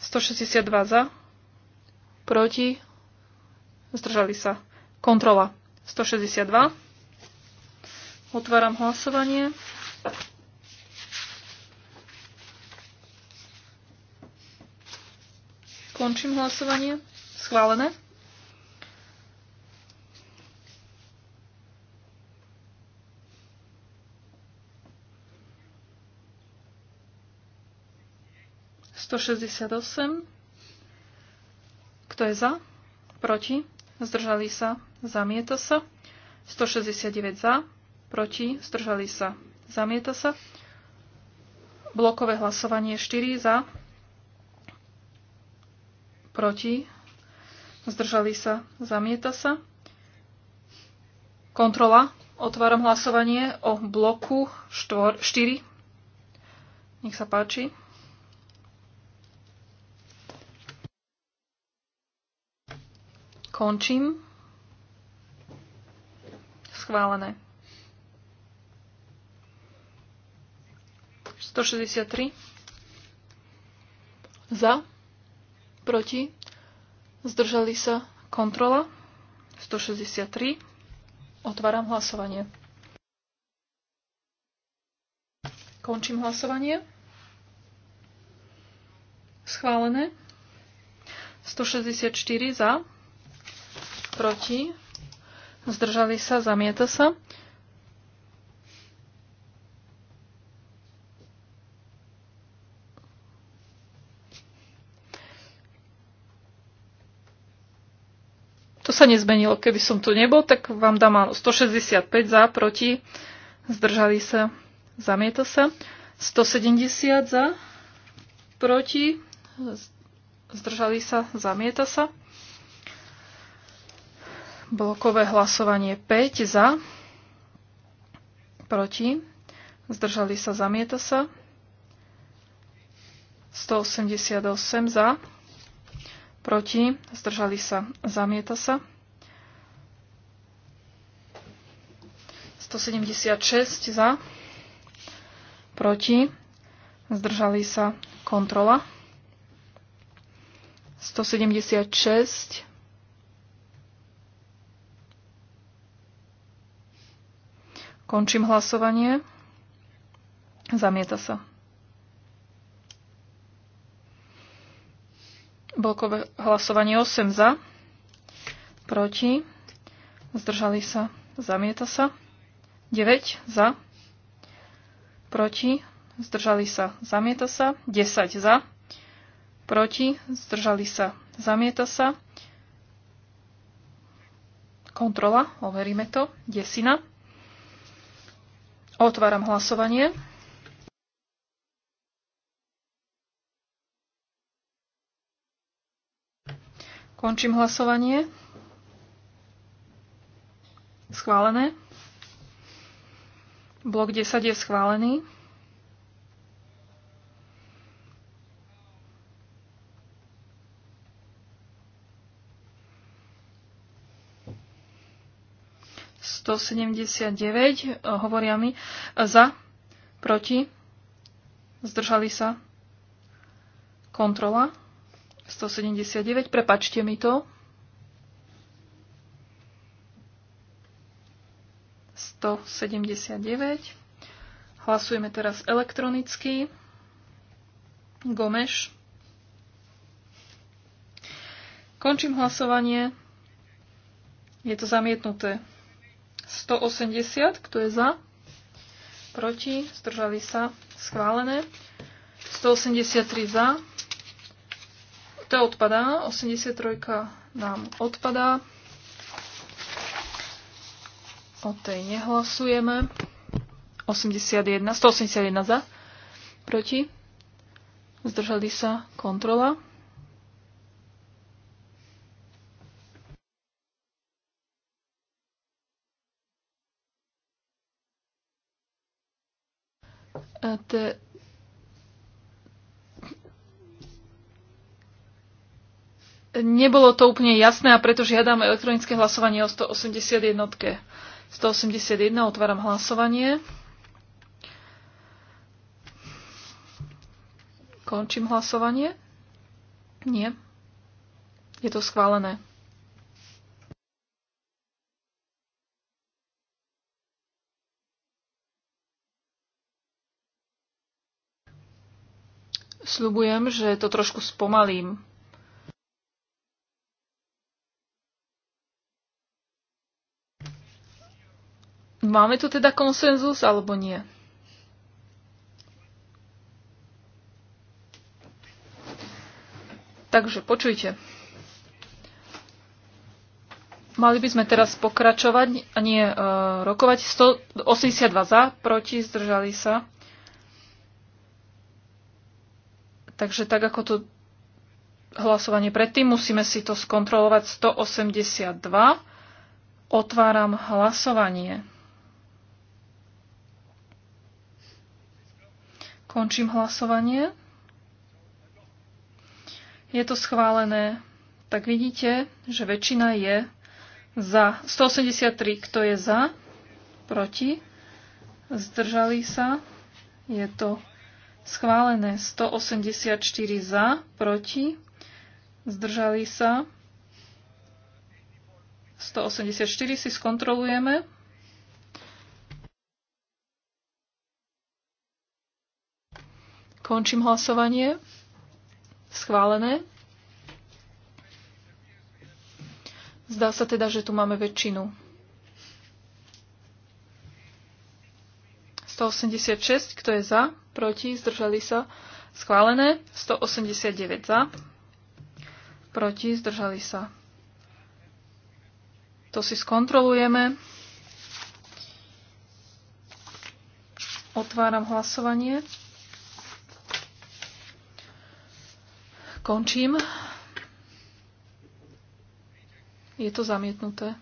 162 za. Proti. Zdržali sa. Kontrola. 162. Otváram hlasovanie. Končím hlasovanie. Schválené. Kto je za? Proti? Zdržali sa? Zamieta sa? 169 za, proti, zdržali sa, zamieta sa. Blokové hlasovanie 4 za, proti, zdržali sa, zamieta sa. Kontrola, otváram hlasovanie o bloku 4. Nech sa páči. Končím. Schválené. 163. Za proti, zdržali sa, kontrola, 163, otváram hlasovanie. Končím hlasovanie. Schválené. 164 za, proti, zdržali sa, zamieta sa. sa nezmenilo. Keby som tu nebol, tak vám dám 165 za, proti, zdržali sa, zamieta sa. 170 za, proti, zdržali sa, zamieta sa. Blokové hlasovanie 5 za, proti, zdržali sa, zamieta sa. 188 za, proti, zdržali sa, zamieta sa. 176 za, proti, zdržali sa, kontrola. 176 Končím hlasovanie. Zamieta sa. Blokové hlasovanie 8 za, proti, zdržali sa, zamieta sa. 9 za, proti, zdržali sa, zamieta sa. 10 za, proti, zdržali sa, zamieta sa. Kontrola, overíme to. Desina. Otváram hlasovanie. Končím hlasovanie. Schválené. Blok 10 je schválený. Eh, hovoria mi, eh, za, proti, zdržali sa, kontrola. 179, prepačte mi to. 179. Hlasujeme teraz elektronicky. Gomeš. Končím hlasovanie. Je to zamietnuté. 180, kto je za? Proti, zdržali sa, schválené. 183 za, to odpadá, 83 nám odpadá. O tej nehlasujeme. 81, 181 za, proti. Zdržali sa kontrola. E, T Nebolo to úplne jasné a preto žiadam elektronické hlasovanie o 181. 181, otváram hlasovanie. Končím hlasovanie. Nie. Je to schválené. Sľubujem, že to trošku spomalím. Máme tu teda konsenzus alebo nie? Takže počujte. Mali by sme teraz pokračovať a nie e, rokovať. 182 za, proti, zdržali sa. Takže tak ako to hlasovanie predtým, musíme si to skontrolovať. 182. Otváram hlasovanie. Končím hlasovanie. Je to schválené. Tak vidíte, že väčšina je za 183, kto je za, proti, zdržali sa, je to schválené 184 za, proti, zdržali sa, 184 si skontrolujeme. Končím hlasovanie. Schválené. Zdá sa teda, že tu máme väčšinu. 186, kto je za, proti, zdržali sa, schválené. 189 za, proti, zdržali sa. To si skontrolujeme. Otváram hlasovanie. Končím. Je to zamietnuté.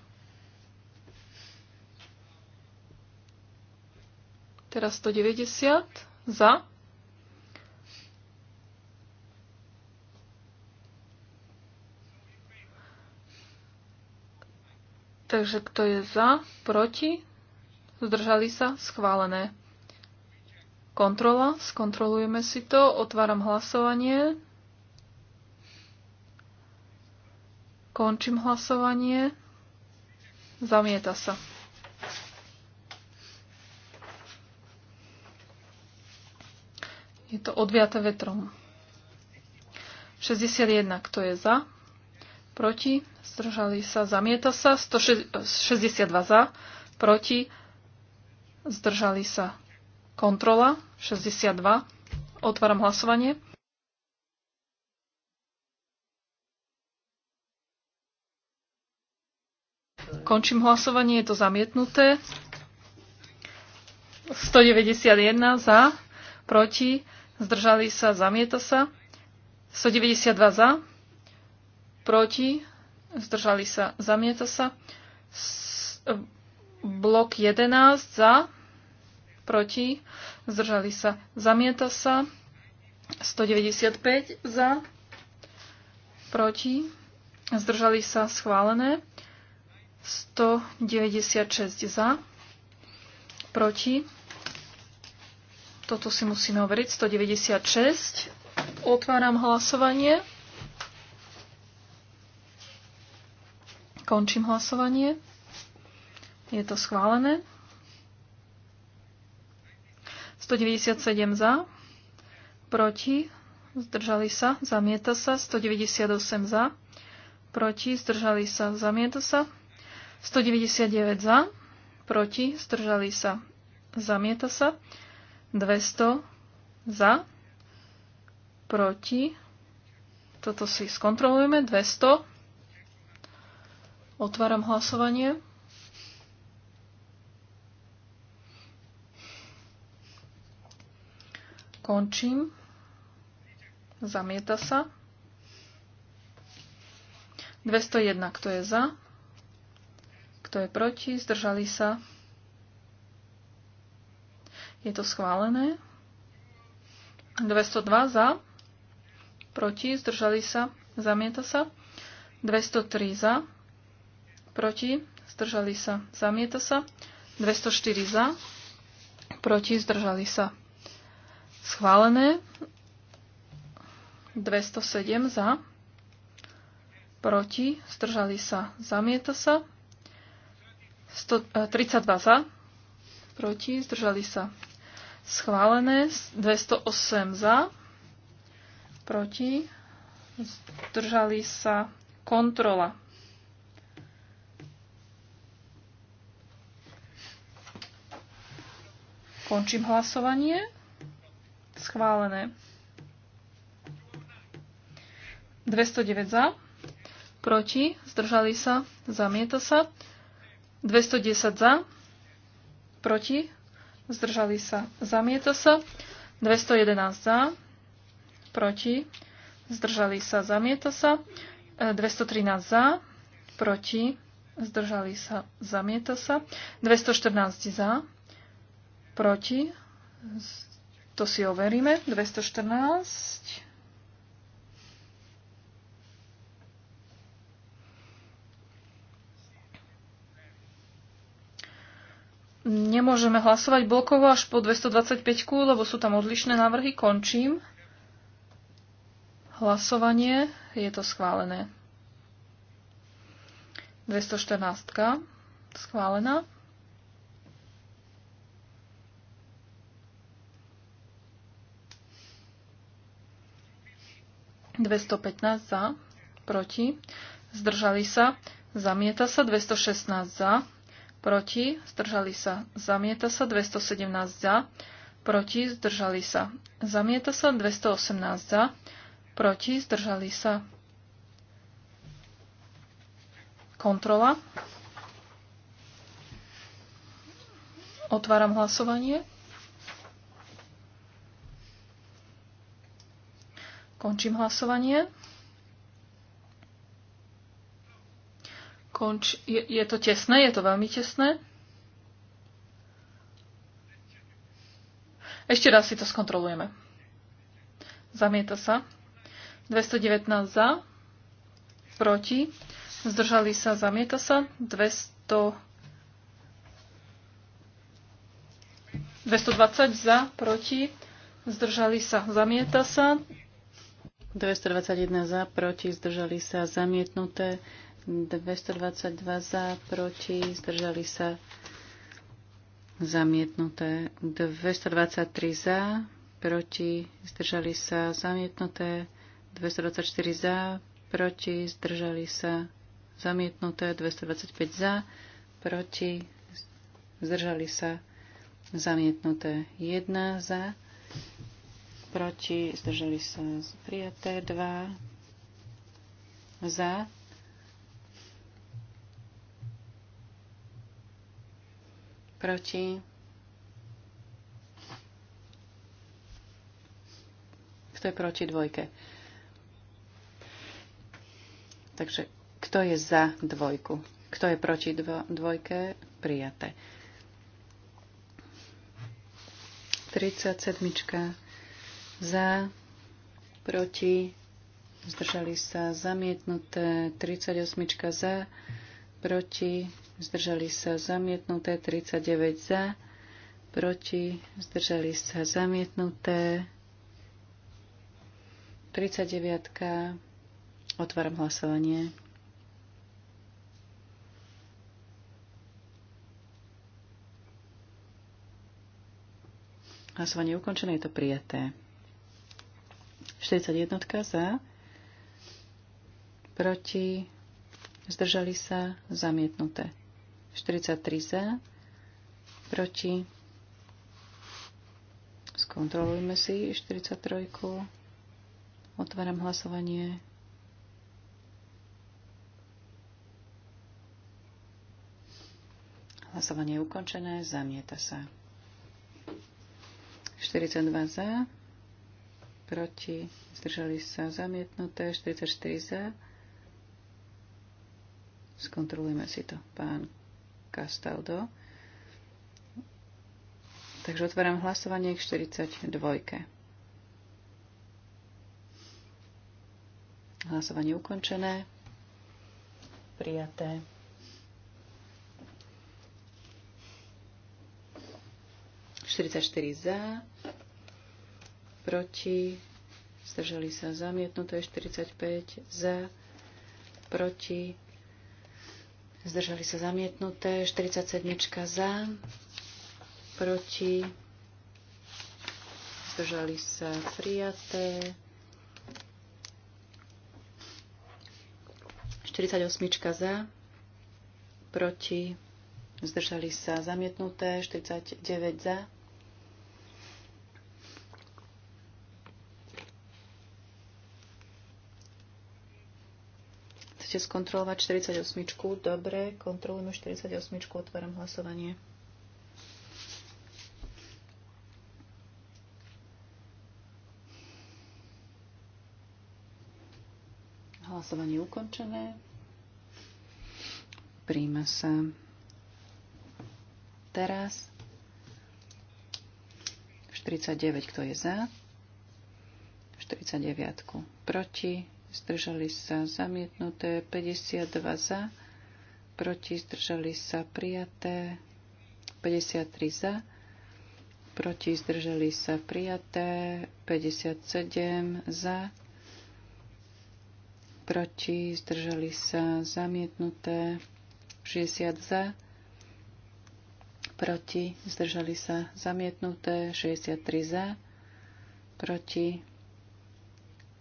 Teraz 190 za. Takže kto je za, proti, zdržali sa, schválené. Kontrola, skontrolujeme si to, otváram hlasovanie. Končím hlasovanie. Zamieta sa. Je to odviaté vetrom. 61, kto je za? Proti? Zdržali sa, zamieta sa. 162 za, proti? Zdržali sa. Kontrola 62. Otváram hlasovanie. Končím hlasovanie, je to zamietnuté. 191 za, proti, zdržali sa, zamieta sa. 192 za, proti, zdržali sa, zamieta sa. S, blok 11 za, proti, zdržali sa, zamieta sa. 195 za, proti, zdržali sa, schválené. 196 za, proti, toto si musíme overiť, 196, otváram hlasovanie, končím hlasovanie, je to schválené, 197 za, proti, zdržali sa, zamieta sa, 198 za, proti, zdržali sa, zamieta sa, 199 za, proti, zdržali sa, zamieta sa. 200 za, proti, toto si skontrolujeme, 200. Otváram hlasovanie. Končím. Zamieta sa. 201, kto je za? Kto je proti? Zdržali sa? Je to schválené. 202 za. Proti? Zdržali sa? Zamieta sa. 203 za. Proti? Zdržali sa? Zamieta sa. 204 za. Proti? Zdržali sa? Schválené. 207 za. Proti? Zdržali sa? Zamieta sa. 132 e, za, proti, zdržali sa schválené, 208 za, proti, zdržali sa kontrola. Končím hlasovanie. Schválené. 209 za, proti, zdržali sa, zamieta sa. 210 za, proti, zdržali sa, zamieta sa. 211 za, proti, zdržali sa, zamieta sa. 213 e, za, proti, zdržali sa, zamieta sa. 214 za, proti, to si overíme. 214 Nemôžeme hlasovať blokovo až po 225, lebo sú tam odlišné návrhy. Končím. Hlasovanie. Je to schválené. 214. Schválená. Dvesto za, proti, zdržali sa, zamieta sa, 216 za, proti, zdržali sa, zamieta sa, 217 za, proti, zdržali sa, zamieta sa, 218 za, proti, zdržali sa. Kontrola. Otváram hlasovanie. Končím hlasovanie. Konč, je, je to tesné, je to veľmi tesné. Ešte raz si to skontrolujeme. Zamieta sa. 219 za, proti, zdržali sa, zamieta sa. 200, 220 za, proti, zdržali sa, zamieta sa. 221 za, proti, zdržali sa, zamietnuté. 222 za, proti, zdržali sa zamietnuté. 223 za, proti, zdržali sa zamietnuté. 224 za, proti, zdržali sa zamietnuté. 225 za, proti, zdržali sa zamietnuté. 1 za, proti, zdržali sa prijaté. 2 za, proti, kto je proti dvojke. Takže kto je za dvojku? Kto je proti dvojke? Prijaté. 37. Za, proti, zdržali sa zamietnuté. 38. Za, proti, zdržali sa zamietnuté, 39 za, proti, zdržali sa zamietnuté, 39. Otváram hlasovanie. Hlasovanie je ukončené, je to prijaté. 41 za, proti, zdržali sa, zamietnuté. 43 za, proti. Skontrolujme si 43. Otváram hlasovanie. Hlasovanie je ukončené, zamieta sa. 42 za, proti, zdržali sa zamietnuté, 44 za. Skontrolujme si to. Pán Castaldo. Takže otváram hlasovanie k 42. Hlasovanie ukončené. Prijaté. za, proti, zdržali sa zamietnuté, 45 za, proti, zdržali sa zamietnuté, 47 za, proti, zdržali sa prijaté, 48 za, proti, zdržali sa zamietnuté, 49 za, Chcete skontrolovať 48. Dobre, kontrolujeme 48. Otváram hlasovanie. Hlasovanie ukončené. Príjme sa. Teraz 49, kto je za? 49 proti zdržali sa zamietnuté, 52 za, proti zdržali sa prijaté, 53 za, proti zdržali sa prijaté, 57 za, proti zdržali sa zamietnuté, 60 za, proti zdržali sa zamietnuté, 63 za, proti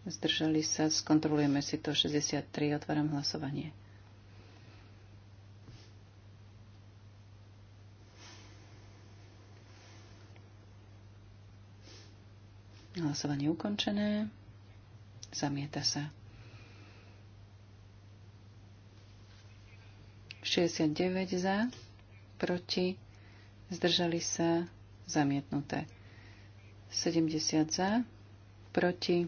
Zdržali sa. Skontrolujeme si to. 63. Otváram hlasovanie. Hlasovanie ukončené. Zamieta sa. 69 za, proti, zdržali sa, zamietnuté. 70 za, proti,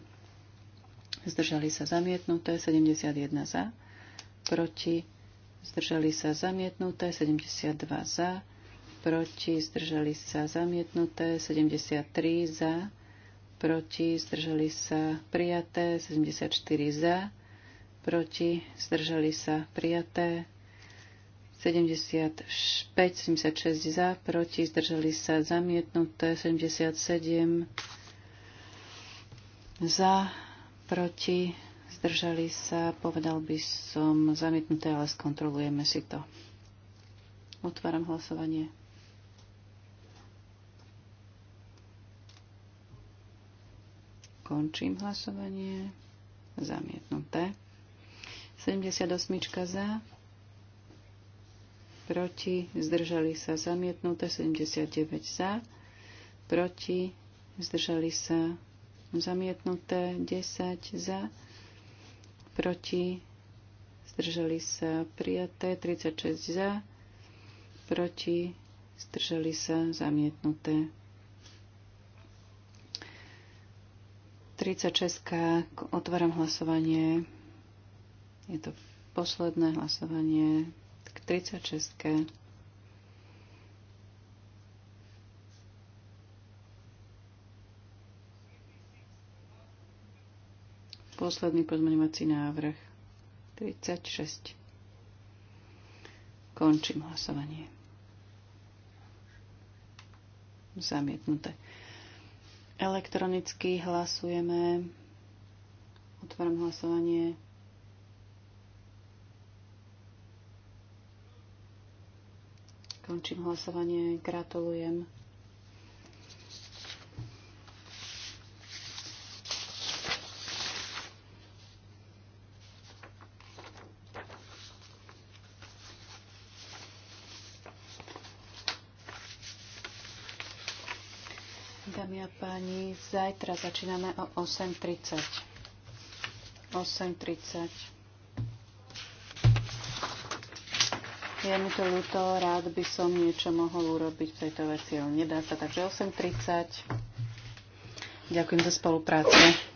zdržali sa zamietnuté, 71 za, proti, zdržali sa zamietnuté, 72 za, proti, zdržali sa zamietnuté, 73 za, proti, zdržali sa prijaté, 74 za, proti, zdržali sa prijaté, 75, 76 za, proti, zdržali sa zamietnuté, 77 za, proti, zdržali sa, povedal by som zamietnuté, ale skontrolujeme si to. Otváram hlasovanie. Končím hlasovanie. Zamietnuté. 78 za. Proti. Zdržali sa zamietnuté. 79 za. Proti. Zdržali sa zamietnuté, 10 za, proti, zdrželi sa prijaté, 36 za, proti, zdrželi sa zamietnuté. 36. Otváram hlasovanie. Je to posledné hlasovanie k 36. Posledný pozmeňovací návrh. 36. Končím hlasovanie. Zamietnuté. Elektronicky hlasujeme. Otváram hlasovanie. Končím hlasovanie. Gratulujem. Zajtra začíname o 8.30. 8.30. Je mi to ľúto, rád by som niečo mohol urobiť v tejto veci, ale nedá sa. Takže 8.30. Ďakujem za spoluprácu.